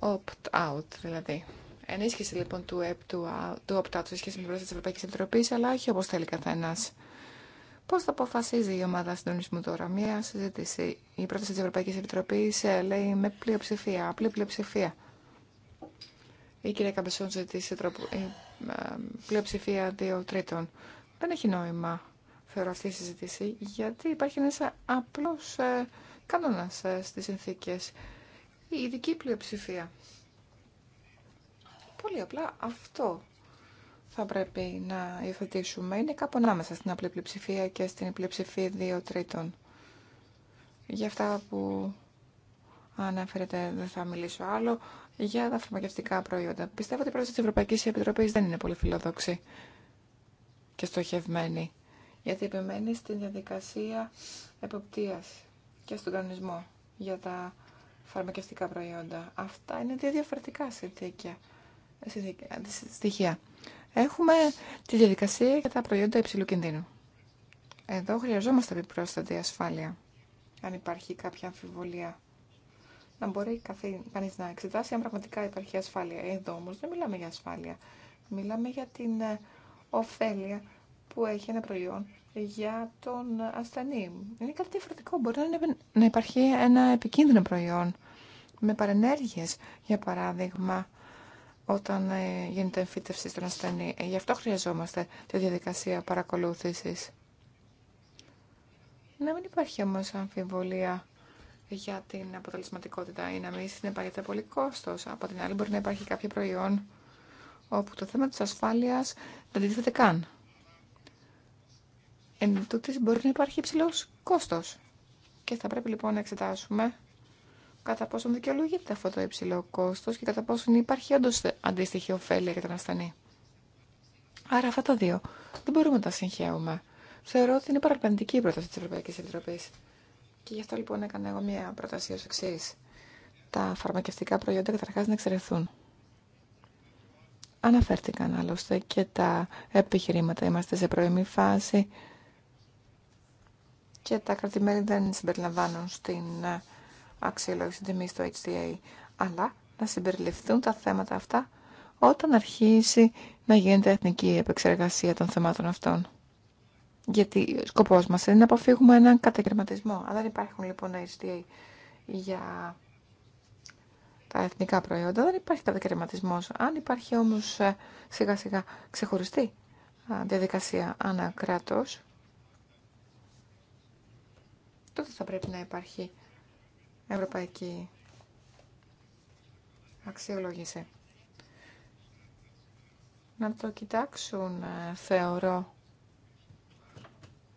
opt Opt-out δηλαδή. Ενίσχυση λοιπόν του, opt-out σε σχέση με την πρόταση τη Ευρωπαϊκή Επιτροπή, αλλά όχι όπω θέλει καθένα. Πώ θα αποφασίζει η ομάδα συντονισμού τώρα. Μία συζήτηση. Η πρόταση τη Ευρωπαϊκή Επιτροπή ε, λέει με πλειοψηφία, απλή πλειοψηφία. Η κυρία Καμπεσόν ζητήσε ε, πλειοψηφία δύο τρίτων. Δεν έχει νόημα θεωρώ αυτή η συζήτηση, γιατί υπάρχει ένας απλός ε, κανόνας ε, στις συνθήκες. Η ειδική πλειοψηφία. Πολύ απλά αυτό θα πρέπει να υιοθετήσουμε. Είναι κάπου ανάμεσα στην απλή πλειοψηφία και στην πλειοψηφία δύο τρίτων. Για αυτά που αναφέρεται δεν θα μιλήσω άλλο. Για τα φαρμακευτικά προϊόντα. Πιστεύω ότι η πρόταση της Ευρωπαϊκής Επιτροπής δεν είναι πολύ φιλοδόξη και στοχευμένη γιατί επιμένει στην διαδικασία εποπτείας και στον κανονισμό για τα φαρμακευτικά προϊόντα. Αυτά είναι δύο διαφορετικά στοιχεία. Έχουμε τη διαδικασία για τα προϊόντα υψηλού κινδύνου. Εδώ χρειαζόμαστε επιπρόσθετη ασφάλεια, αν υπάρχει κάποια αμφιβολία. Να μπορεί κανεί να εξετάσει αν πραγματικά υπάρχει ασφάλεια. Εδώ όμω δεν μιλάμε για ασφάλεια. Μιλάμε για την ε, ωφέλεια που έχει ένα προϊόν για τον ασθενή. Είναι κάτι διαφορετικό. Μπορεί να υπάρχει ένα επικίνδυνο προϊόν με παρενέργειες, για παράδειγμα, όταν ε, γίνεται εμφύτευση στον ασθενή. Ε, γι' αυτό χρειαζόμαστε τη διαδικασία παρακολούθησης. Να μην υπάρχει όμως αμφιβολία για την αποτελεσματικότητα ή να μην συνεπάγεται πολύ κόστος. Από την άλλη μπορεί να υπάρχει κάποιο προϊόν όπου το θέμα της ασφάλειας δεν τίθεται καν. Εν τούτης μπορεί να υπάρχει υψηλό κόστος. Και θα πρέπει λοιπόν να εξετάσουμε κατά πόσον δικαιολογείται αυτό το υψηλό κόστος και κατά πόσον υπάρχει όντω αντίστοιχη ωφέλεια για τον ασθενή. Άρα αυτά τα δύο δεν μπορούμε να τα συγχαίουμε. Θεωρώ ότι είναι παραπλανητική η πρόταση της Ευρωπαϊκής Επιτροπής. Και γι' αυτό λοιπόν έκανα εγώ μια πρόταση ως εξή. Τα φαρμακευτικά προϊόντα καταρχά να εξαιρεθούν. Αναφέρθηκαν άλλωστε και τα επιχειρήματα. Είμαστε σε πρώιμη φάση και τα κρατημέλη δεν συμπεριλαμβάνουν στην ε, αξιολόγηση τιμή στο HTA, αλλά να συμπεριληφθούν τα θέματα αυτά όταν αρχίσει να γίνεται εθνική επεξεργασία των θεμάτων αυτών. Γιατί ο σκοπό μας είναι να αποφύγουμε έναν κατακαιρματισμό. Αν δεν υπάρχουν λοιπόν HTA για τα εθνικά προϊόντα, δεν υπάρχει κατακαιρματισμό. Αν υπάρχει όμω ε, σιγά σιγά ξεχωριστή ε, διαδικασία ανακράτος, τότε θα πρέπει να υπάρχει ευρωπαϊκή αξιολόγηση. Να το κοιτάξουν, ε, θεωρώ,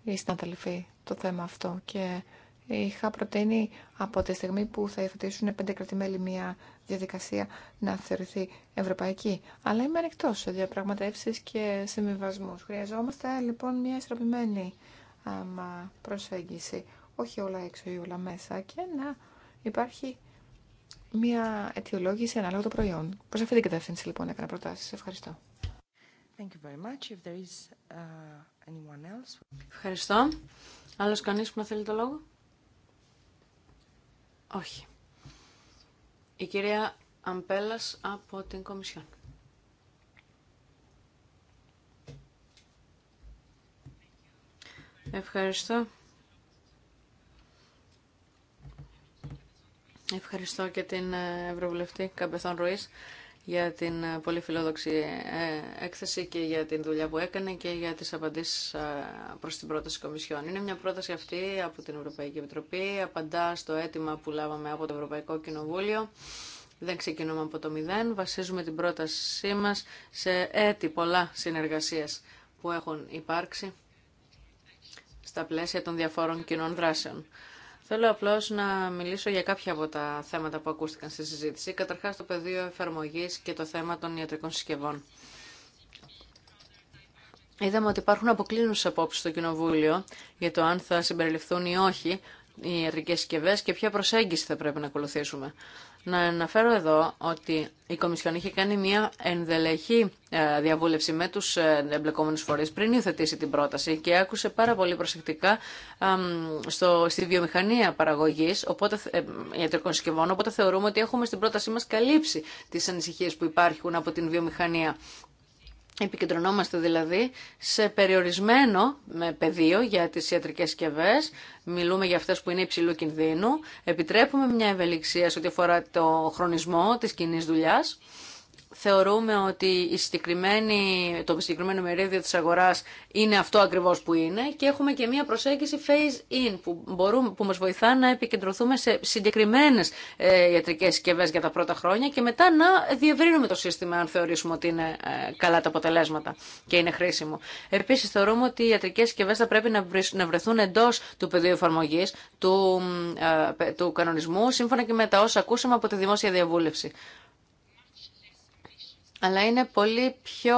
οι συναδελφοί, το θέμα αυτό. Και είχα προτείνει από τη στιγμή που θα υιοθετήσουν πέντε κρατημέλη μια διαδικασία να θεωρηθεί ευρωπαϊκή. Αλλά είμαι ανοιχτό σε διαπραγματεύσει και συμβιβασμού. Χρειαζόμαστε λοιπόν μια ισορροπημένη προσέγγιση όχι όλα έξω ή όλα μέσα και να υπάρχει μια αιτιολόγηση ανάλογα το προϊόν. Προς αυτή την κατεύθυνση λοιπόν έκανα προτάσεις. Ευχαριστώ. Thank you very much. If there is, uh, else... Ευχαριστώ. Άλλος κανείς που να θέλει το λόγο? Όχι. Η κυρία Αμπέλας από την Κομισιόν. Ευχαριστώ. Ευχαριστώ και την ε, Ευρωβουλευτή Καμπεθόν Ρουής για την ε, πολύ φιλόδοξη ε, έκθεση και για την δουλειά που έκανε και για τις απαντήσεις προς την πρόταση Κομισιόν. Είναι μια πρόταση αυτή από την Ευρωπαϊκή Επιτροπή, απαντά στο αίτημα που λάβαμε από το Ευρωπαϊκό Κοινοβούλιο. Δεν ξεκινούμε από το μηδέν, βασίζουμε την πρότασή μας σε έτη πολλά συνεργασίες που έχουν υπάρξει στα πλαίσια των διαφόρων κοινών δράσεων. Θέλω απλώ να μιλήσω για κάποια από τα θέματα που ακούστηκαν στη συζήτηση. Καταρχά το πεδίο εφαρμογή και το θέμα των ιατρικών συσκευών. Είδαμε ότι υπάρχουν αποκλίνουσε απόψεις στο Κοινοβούλιο για το αν θα συμπεριληφθούν ή όχι οι ιατρικές συσκευέ και ποια προσέγγιση θα πρέπει να ακολουθήσουμε. Να αναφέρω εδώ ότι η Κομισιόν είχε κάνει μια ενδελεχή ε, διαβούλευση με τους ε, εμπλεκόμενους φορείς πριν υιοθετήσει την πρόταση και άκουσε πάρα πολύ προσεκτικά στο, στη βιομηχανία παραγωγής οπότε, ε, ιατρικών συσκευών, οπότε θεωρούμε ότι έχουμε στην πρότασή μας καλύψει τις ανησυχίες που υπάρχουν από την βιομηχανία Επικεντρωνόμαστε δηλαδή σε περιορισμένο πεδίο για τις ιατρικές συσκευέ. Μιλούμε για αυτές που είναι υψηλού κινδύνου. Επιτρέπουμε μια ευελιξία σε ό,τι αφορά το χρονισμό της κοινή δουλειάς θεωρούμε ότι το συγκεκριμένο μερίδιο της αγοράς είναι αυτό ακριβώς που είναι και έχουμε και μία προσέγγιση phase-in που, μπορούμε, που μας βοηθά να επικεντρωθούμε σε συγκεκριμένες ε, ιατρικές συσκευέ για τα πρώτα χρόνια και μετά να διευρύνουμε το σύστημα αν θεωρήσουμε ότι είναι ε, καλά τα αποτελέσματα και είναι χρήσιμο. Επίσης θεωρούμε ότι οι ιατρικές συσκευέ θα πρέπει να, βρεθούν εντός του πεδίου εφαρμογή του, ε, του κανονισμού σύμφωνα και με τα όσα ακούσαμε από τη δημόσια διαβούλευση αλλά είναι πολύ, πιο,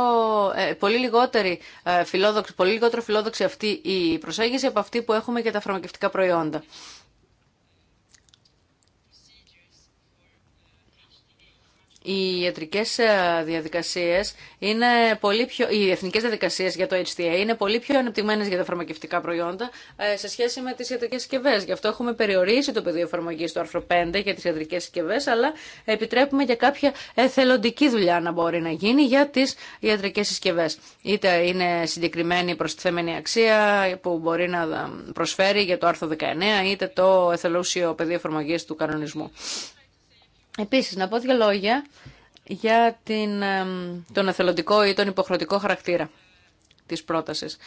ε, πολύ, λιγότερη, ε, φιλόδοξη, πολύ λιγότερο φιλόδοξη αυτή η προσέγγιση από αυτή που έχουμε για τα φαρμακευτικά προϊόντα. οι ιατρικέ ε, διαδικασίε είναι πολύ πιο, οι εθνικές διαδικασίες για το HTA είναι πολύ πιο ανεπτυγμένε για τα φαρμακευτικά προϊόντα ε, σε σχέση με τι ιατρικέ συσκευέ. Γι' αυτό έχουμε περιορίσει το πεδίο εφαρμογή του άρθρο 5 για τι ιατρικέ συσκευέ, αλλά επιτρέπουμε και κάποια εθελοντική δουλειά να μπορεί να γίνει για τι ιατρικέ συσκευέ. Είτε είναι συγκεκριμένη προστιθέμενη αξία που μπορεί να προσφέρει για το άρθρο 19, είτε το εθελούσιο πεδίο εφαρμογή του κανονισμού. Επίσης, να πω δύο λόγια για την, τον εθελοντικό ή τον υποχρεωτικό χαρακτήρα της πρότασης.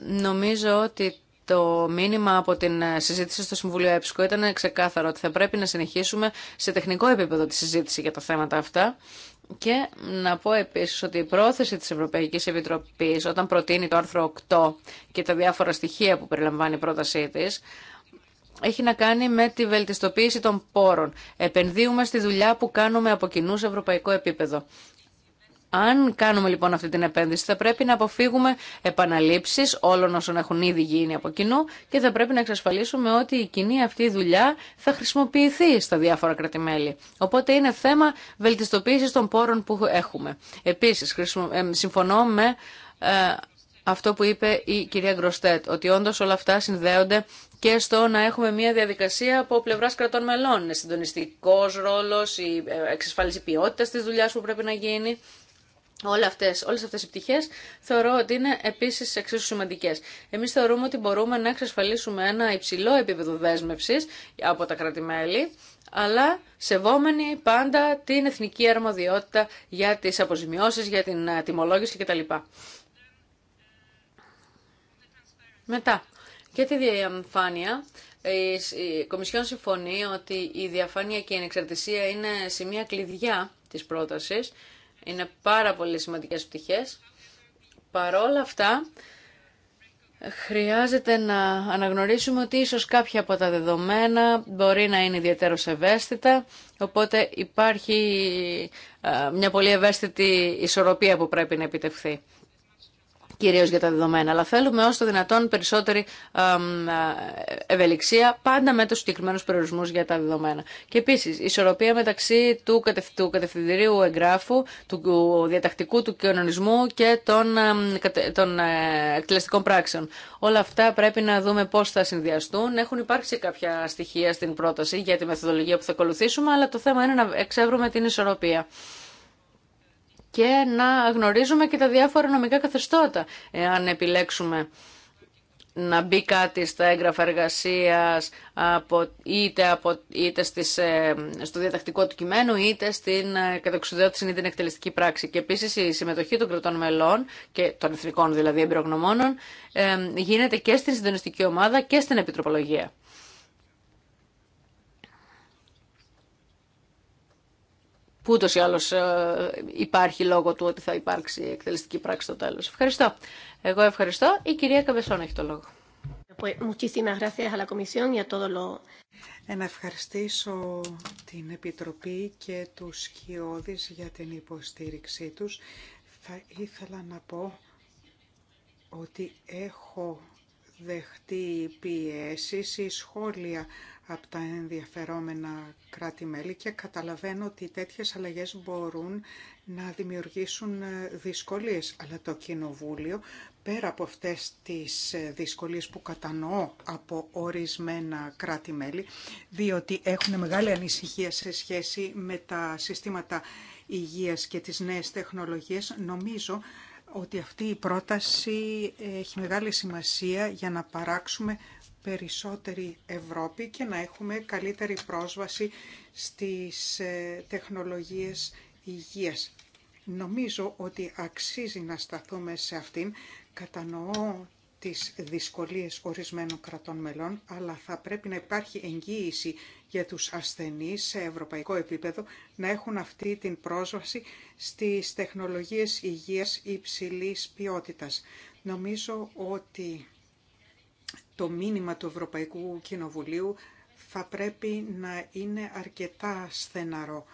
Νομίζω ότι το μήνυμα από την συζήτηση στο Συμβούλιο ΕΠΣΚΟ ήταν ξεκάθαρο ότι θα πρέπει να συνεχίσουμε σε τεχνικό επίπεδο τη συζήτηση για τα θέματα αυτά. Και να πω επίσης ότι η πρόθεση της Ευρωπαϊκής Επιτροπής όταν προτείνει το άρθρο 8 και τα διάφορα στοιχεία που περιλαμβάνει η πρότασή της έχει να κάνει με τη βελτιστοποίηση των πόρων. Επενδύουμε στη δουλειά που κάνουμε από κοινού σε ευρωπαϊκό επίπεδο. Αν κάνουμε λοιπόν αυτή την επένδυση θα πρέπει να αποφύγουμε επαναλήψεις όλων όσων έχουν ήδη γίνει από κοινού και θα πρέπει να εξασφαλίσουμε ότι η κοινή αυτή δουλειά θα χρησιμοποιηθεί στα διάφορα κρατημέλη. Οπότε είναι θέμα βελτιστοποίησης των πόρων που έχουμε. Επίσης, ε, συμφωνώ με ε, αυτό που είπε η κυρία Γκροστέτ, ότι όντω όλα αυτά συνδέονται και στο να έχουμε μια διαδικασία από πλευρά κρατών μελών. Είναι συντονιστικός ρόλος, η εξασφάλιση ποιότητα τη δουλειά που πρέπει να γίνει. Όλε αυτέ όλες αυτές οι πτυχέ θεωρώ ότι είναι επίση εξίσου σημαντικέ. Εμείς θεωρούμε ότι μπορούμε να εξασφαλίσουμε ένα υψηλό επίπεδο δέσμευση από τα κράτη-μέλη, αλλά σεβόμενοι πάντα την εθνική αρμοδιότητα για τι αποζημιώσει, για την ε, τιμολόγηση κτλ. Μετά, και τη διαφάνεια. Η Κομισιόν συμφωνεί ότι η διαφάνεια και η ανεξαρτησία είναι σημεία κλειδιά της πρότασης. Είναι πάρα πολύ σημαντικές πτυχές. Παρόλα αυτά, χρειάζεται να αναγνωρίσουμε ότι ίσως κάποια από τα δεδομένα μπορεί να είναι ιδιαίτερως ευαίσθητα, οπότε υπάρχει μια πολύ ευαίσθητη ισορροπία που πρέπει να επιτευχθεί κυρίως για τα δεδομένα, αλλά θέλουμε όσο το δυνατόν περισσότερη ευελιξία πάντα με τους συγκεκριμένους περιορισμούς για τα δεδομένα. Και επίσης, ισορροπία μεταξύ του, του κατευθυντηρίου εγγράφου, του διατακτικού, του κοινωνισμού και των, των ε, εκτελεστικών πράξεων. Όλα αυτά πρέπει να δούμε πώς θα συνδυαστούν. Έχουν υπάρξει κάποια στοιχεία στην πρόταση για τη μεθοδολογία που θα ακολουθήσουμε, αλλά το θέμα είναι να εξεύρουμε την ισορροπία και να γνωρίζουμε και τα διάφορα νομικά καθεστώτα, εάν επιλέξουμε να μπει κάτι στα έγγραφα εργασία είτε, από, είτε στις, ε, στο διατακτικό του κειμένου είτε στην ε, καταξουδιώτηση ή την εκτελεστική πράξη. Και επίσης η συμμετοχή των κρατών μελών και των εθνικών δηλαδή εμπειρογνωμόνων ε, γίνεται και στην συντονιστική ομάδα και στην επιτροπολογία. που ούτως ή άλλως ε, υπάρχει λόγω του ότι θα υπάρξει εκτελεστική πράξη στο τέλος. Ευχαριστώ. Εγώ ευχαριστώ. Η αλλως υπαρχει λογο του οτι θα Καβεσόν έχει το λόγο. Να ευχαριστήσω την Επιτροπή και τους σκιώδεις για την υποστήριξή τους. Θα ήθελα να πω ότι έχω δεχτεί πιέσεις ή σχόλια από τα ενδιαφερόμενα κράτη-μέλη και καταλαβαίνω ότι τέτοιες αλλαγές μπορούν να δημιουργήσουν ε, δυσκολίες. Αλλά το Κοινοβούλιο, πέρα από αυτές τις ε, δυσκολίες που κατανοώ από ορισμένα κράτη-μέλη, διότι έχουν μεγάλη ανησυχία σε σχέση με τα συστήματα υγείας και τις νέες τεχνολογίες, νομίζω ότι αυτή η πρόταση έχει μεγάλη σημασία για να παράξουμε περισσότερη Ευρώπη και να έχουμε καλύτερη πρόσβαση στις ε, τεχνολογίες υγείας. Νομίζω ότι αξίζει να σταθούμε σε αυτήν. Κατανοώ τις δυσκολίες ορισμένων κρατών μελών, αλλά θα πρέπει να υπάρχει εγγύηση για τους ασθενείς σε ευρωπαϊκό επίπεδο να έχουν αυτή την πρόσβαση στις τεχνολογίες υγείας υψηλής ποιότητας. Νομίζω ότι το μήνυμα του Ευρωπαϊκού Κοινοβουλίου θα πρέπει να είναι αρκετά στεναρό.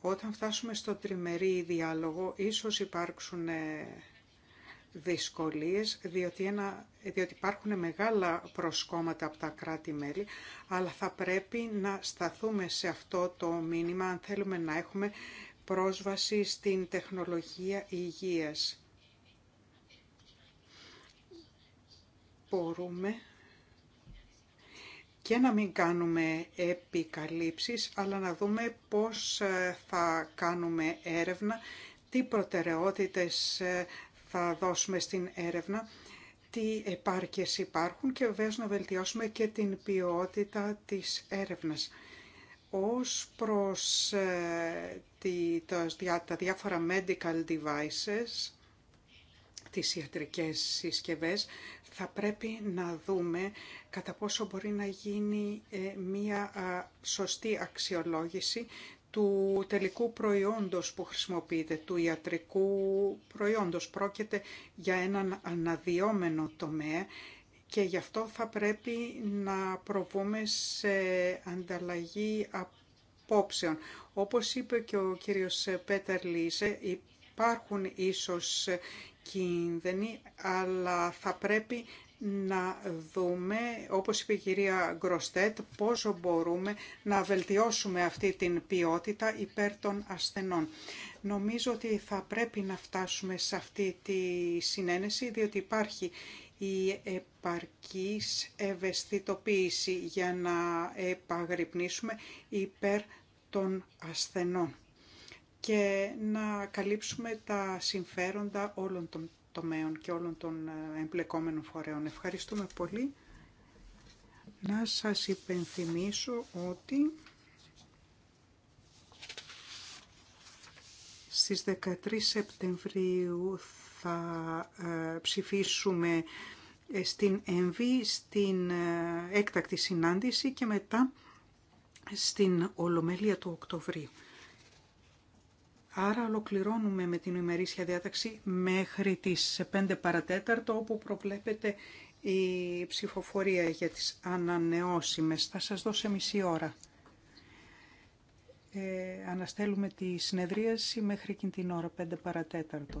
Όταν φτάσουμε στο τριμερή διάλογο, ίσως υπάρξουν δυσκολίες, διότι, ένα, διότι υπάρχουν μεγάλα προσκόμματα από τα κράτη-μέλη, αλλά θα πρέπει να σταθούμε σε αυτό το μήνυμα αν θέλουμε να έχουμε πρόσβαση στην τεχνολογία υγείας. Μπορούμε και να μην κάνουμε επικαλύψεις, αλλά να δούμε πώς ε, θα κάνουμε έρευνα, τι προτεραιότητες ε, θα δώσουμε στην έρευνα, τι επάρκειες υπάρχουν και βεβαίως να βελτιώσουμε και την ποιότητα της έρευνας. Ως προς ε, τη, τα, διάφορα medical devices, τις ιατρικές συσκευές, θα πρέπει να δούμε κατά πόσο μπορεί να γίνει ε, μία σωστή αξιολόγηση του τελικού προϊόντος που χρησιμοποιείται, του ιατρικού προϊόντος. Πρόκειται για έναν αναδυόμενο τομέα και γι' αυτό θα πρέπει να προβούμε σε ανταλλαγή απόψεων. Όπως είπε και ο κύριος Πέτερ Λίζε, υπάρχουν ίσως κίνδυνοι, αλλά θα πρέπει να δούμε, όπως είπε η κυρία Γκροστέτ, πόσο μπορούμε να βελτιώσουμε αυτή την ποιότητα υπέρ των ασθενών. Νομίζω ότι θα πρέπει να φτάσουμε σε αυτή τη συνένεση, διότι υπάρχει η επαρκής ευαισθητοποίηση για να επαγρυπνήσουμε υπέρ των ασθενών και να καλύψουμε τα συμφέροντα όλων των τομέων και όλων των ε, εμπλεκόμενων φορέων. Ευχαριστούμε πολύ. Να σας υπενθυμίσω ότι στις 13 Σεπτεμβρίου θα ε, ψηφίσουμε ε, στην ΕΜΒΗ, στην έκτακτη συνάντηση και μετά στην Ολομέλεια του Οκτωβρίου. Άρα ολοκληρώνουμε με την ημερήσια διάταξη μέχρι τις 5 παρατέταρτο όπου προβλέπεται η ψηφοφορία για τις ανανεώσιμες. Θα σας δώσω μισή ώρα. Ε, αναστέλουμε τη συνεδρίαση μέχρι εκείνη την ώρα, 5 παρατέταρτο.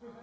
που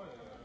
Όχι,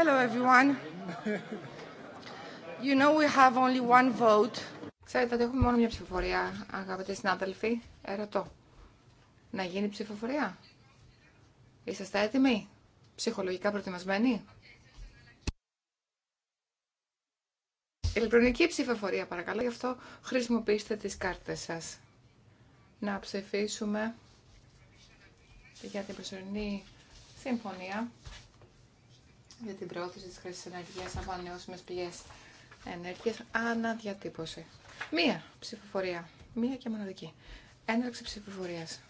Hello everyone. You know we have only one vote. Ξέρετε ότι έχουμε μόνο μια ψηφοφορία, αγαπητοί συνάδελφοι. Ερωτώ. Να γίνει ψηφοφορία. Είσαστε έτοιμοι. Ψυχολογικά προετοιμασμένοι. Ηλεκτρονική ψηφοφορία παρακαλώ, γι' αυτό χρησιμοποιήστε τις κάρτες σας. Να ψηφίσουμε για την προσωρινή συμφωνία για την προώθηση της χρήσης ενέργειας από ανανεώσιμες πηγές ενέργειας αναδιατύπωση. Μία ψηφοφορία. Μία και μοναδική. Έναρξη ψηφοφορίας.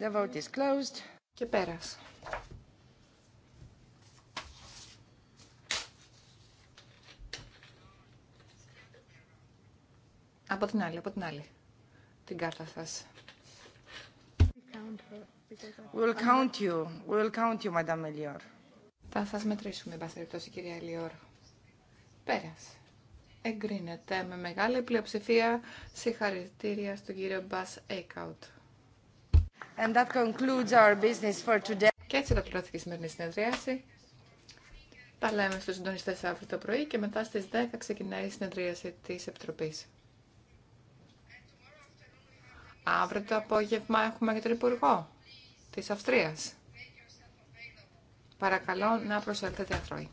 The vote is closed. Και πέρας. Από την άλλη, από την άλλη. Την κάρτα σας. Θα σας μετρήσουμε, εν πάση κυρία Ελιόρ. Πέρασε. Εγκρίνεται με μεγάλη πλειοψηφία. Συγχαρητήρια στον κύριο Μπας Έικαουτ. Και έτσι ολοκληρώθηκε η σημερινή συνεδρίαση. Τα λέμε στους συντονιστές αύριο το πρωί και μετά στις 10 ξεκινάει η συνεδρίαση της Επιτροπής. Αύριο το απόγευμα έχουμε και τον Υπουργό της Αυστρίας. Παρακαλώ να προσέλθετε αθρώοι.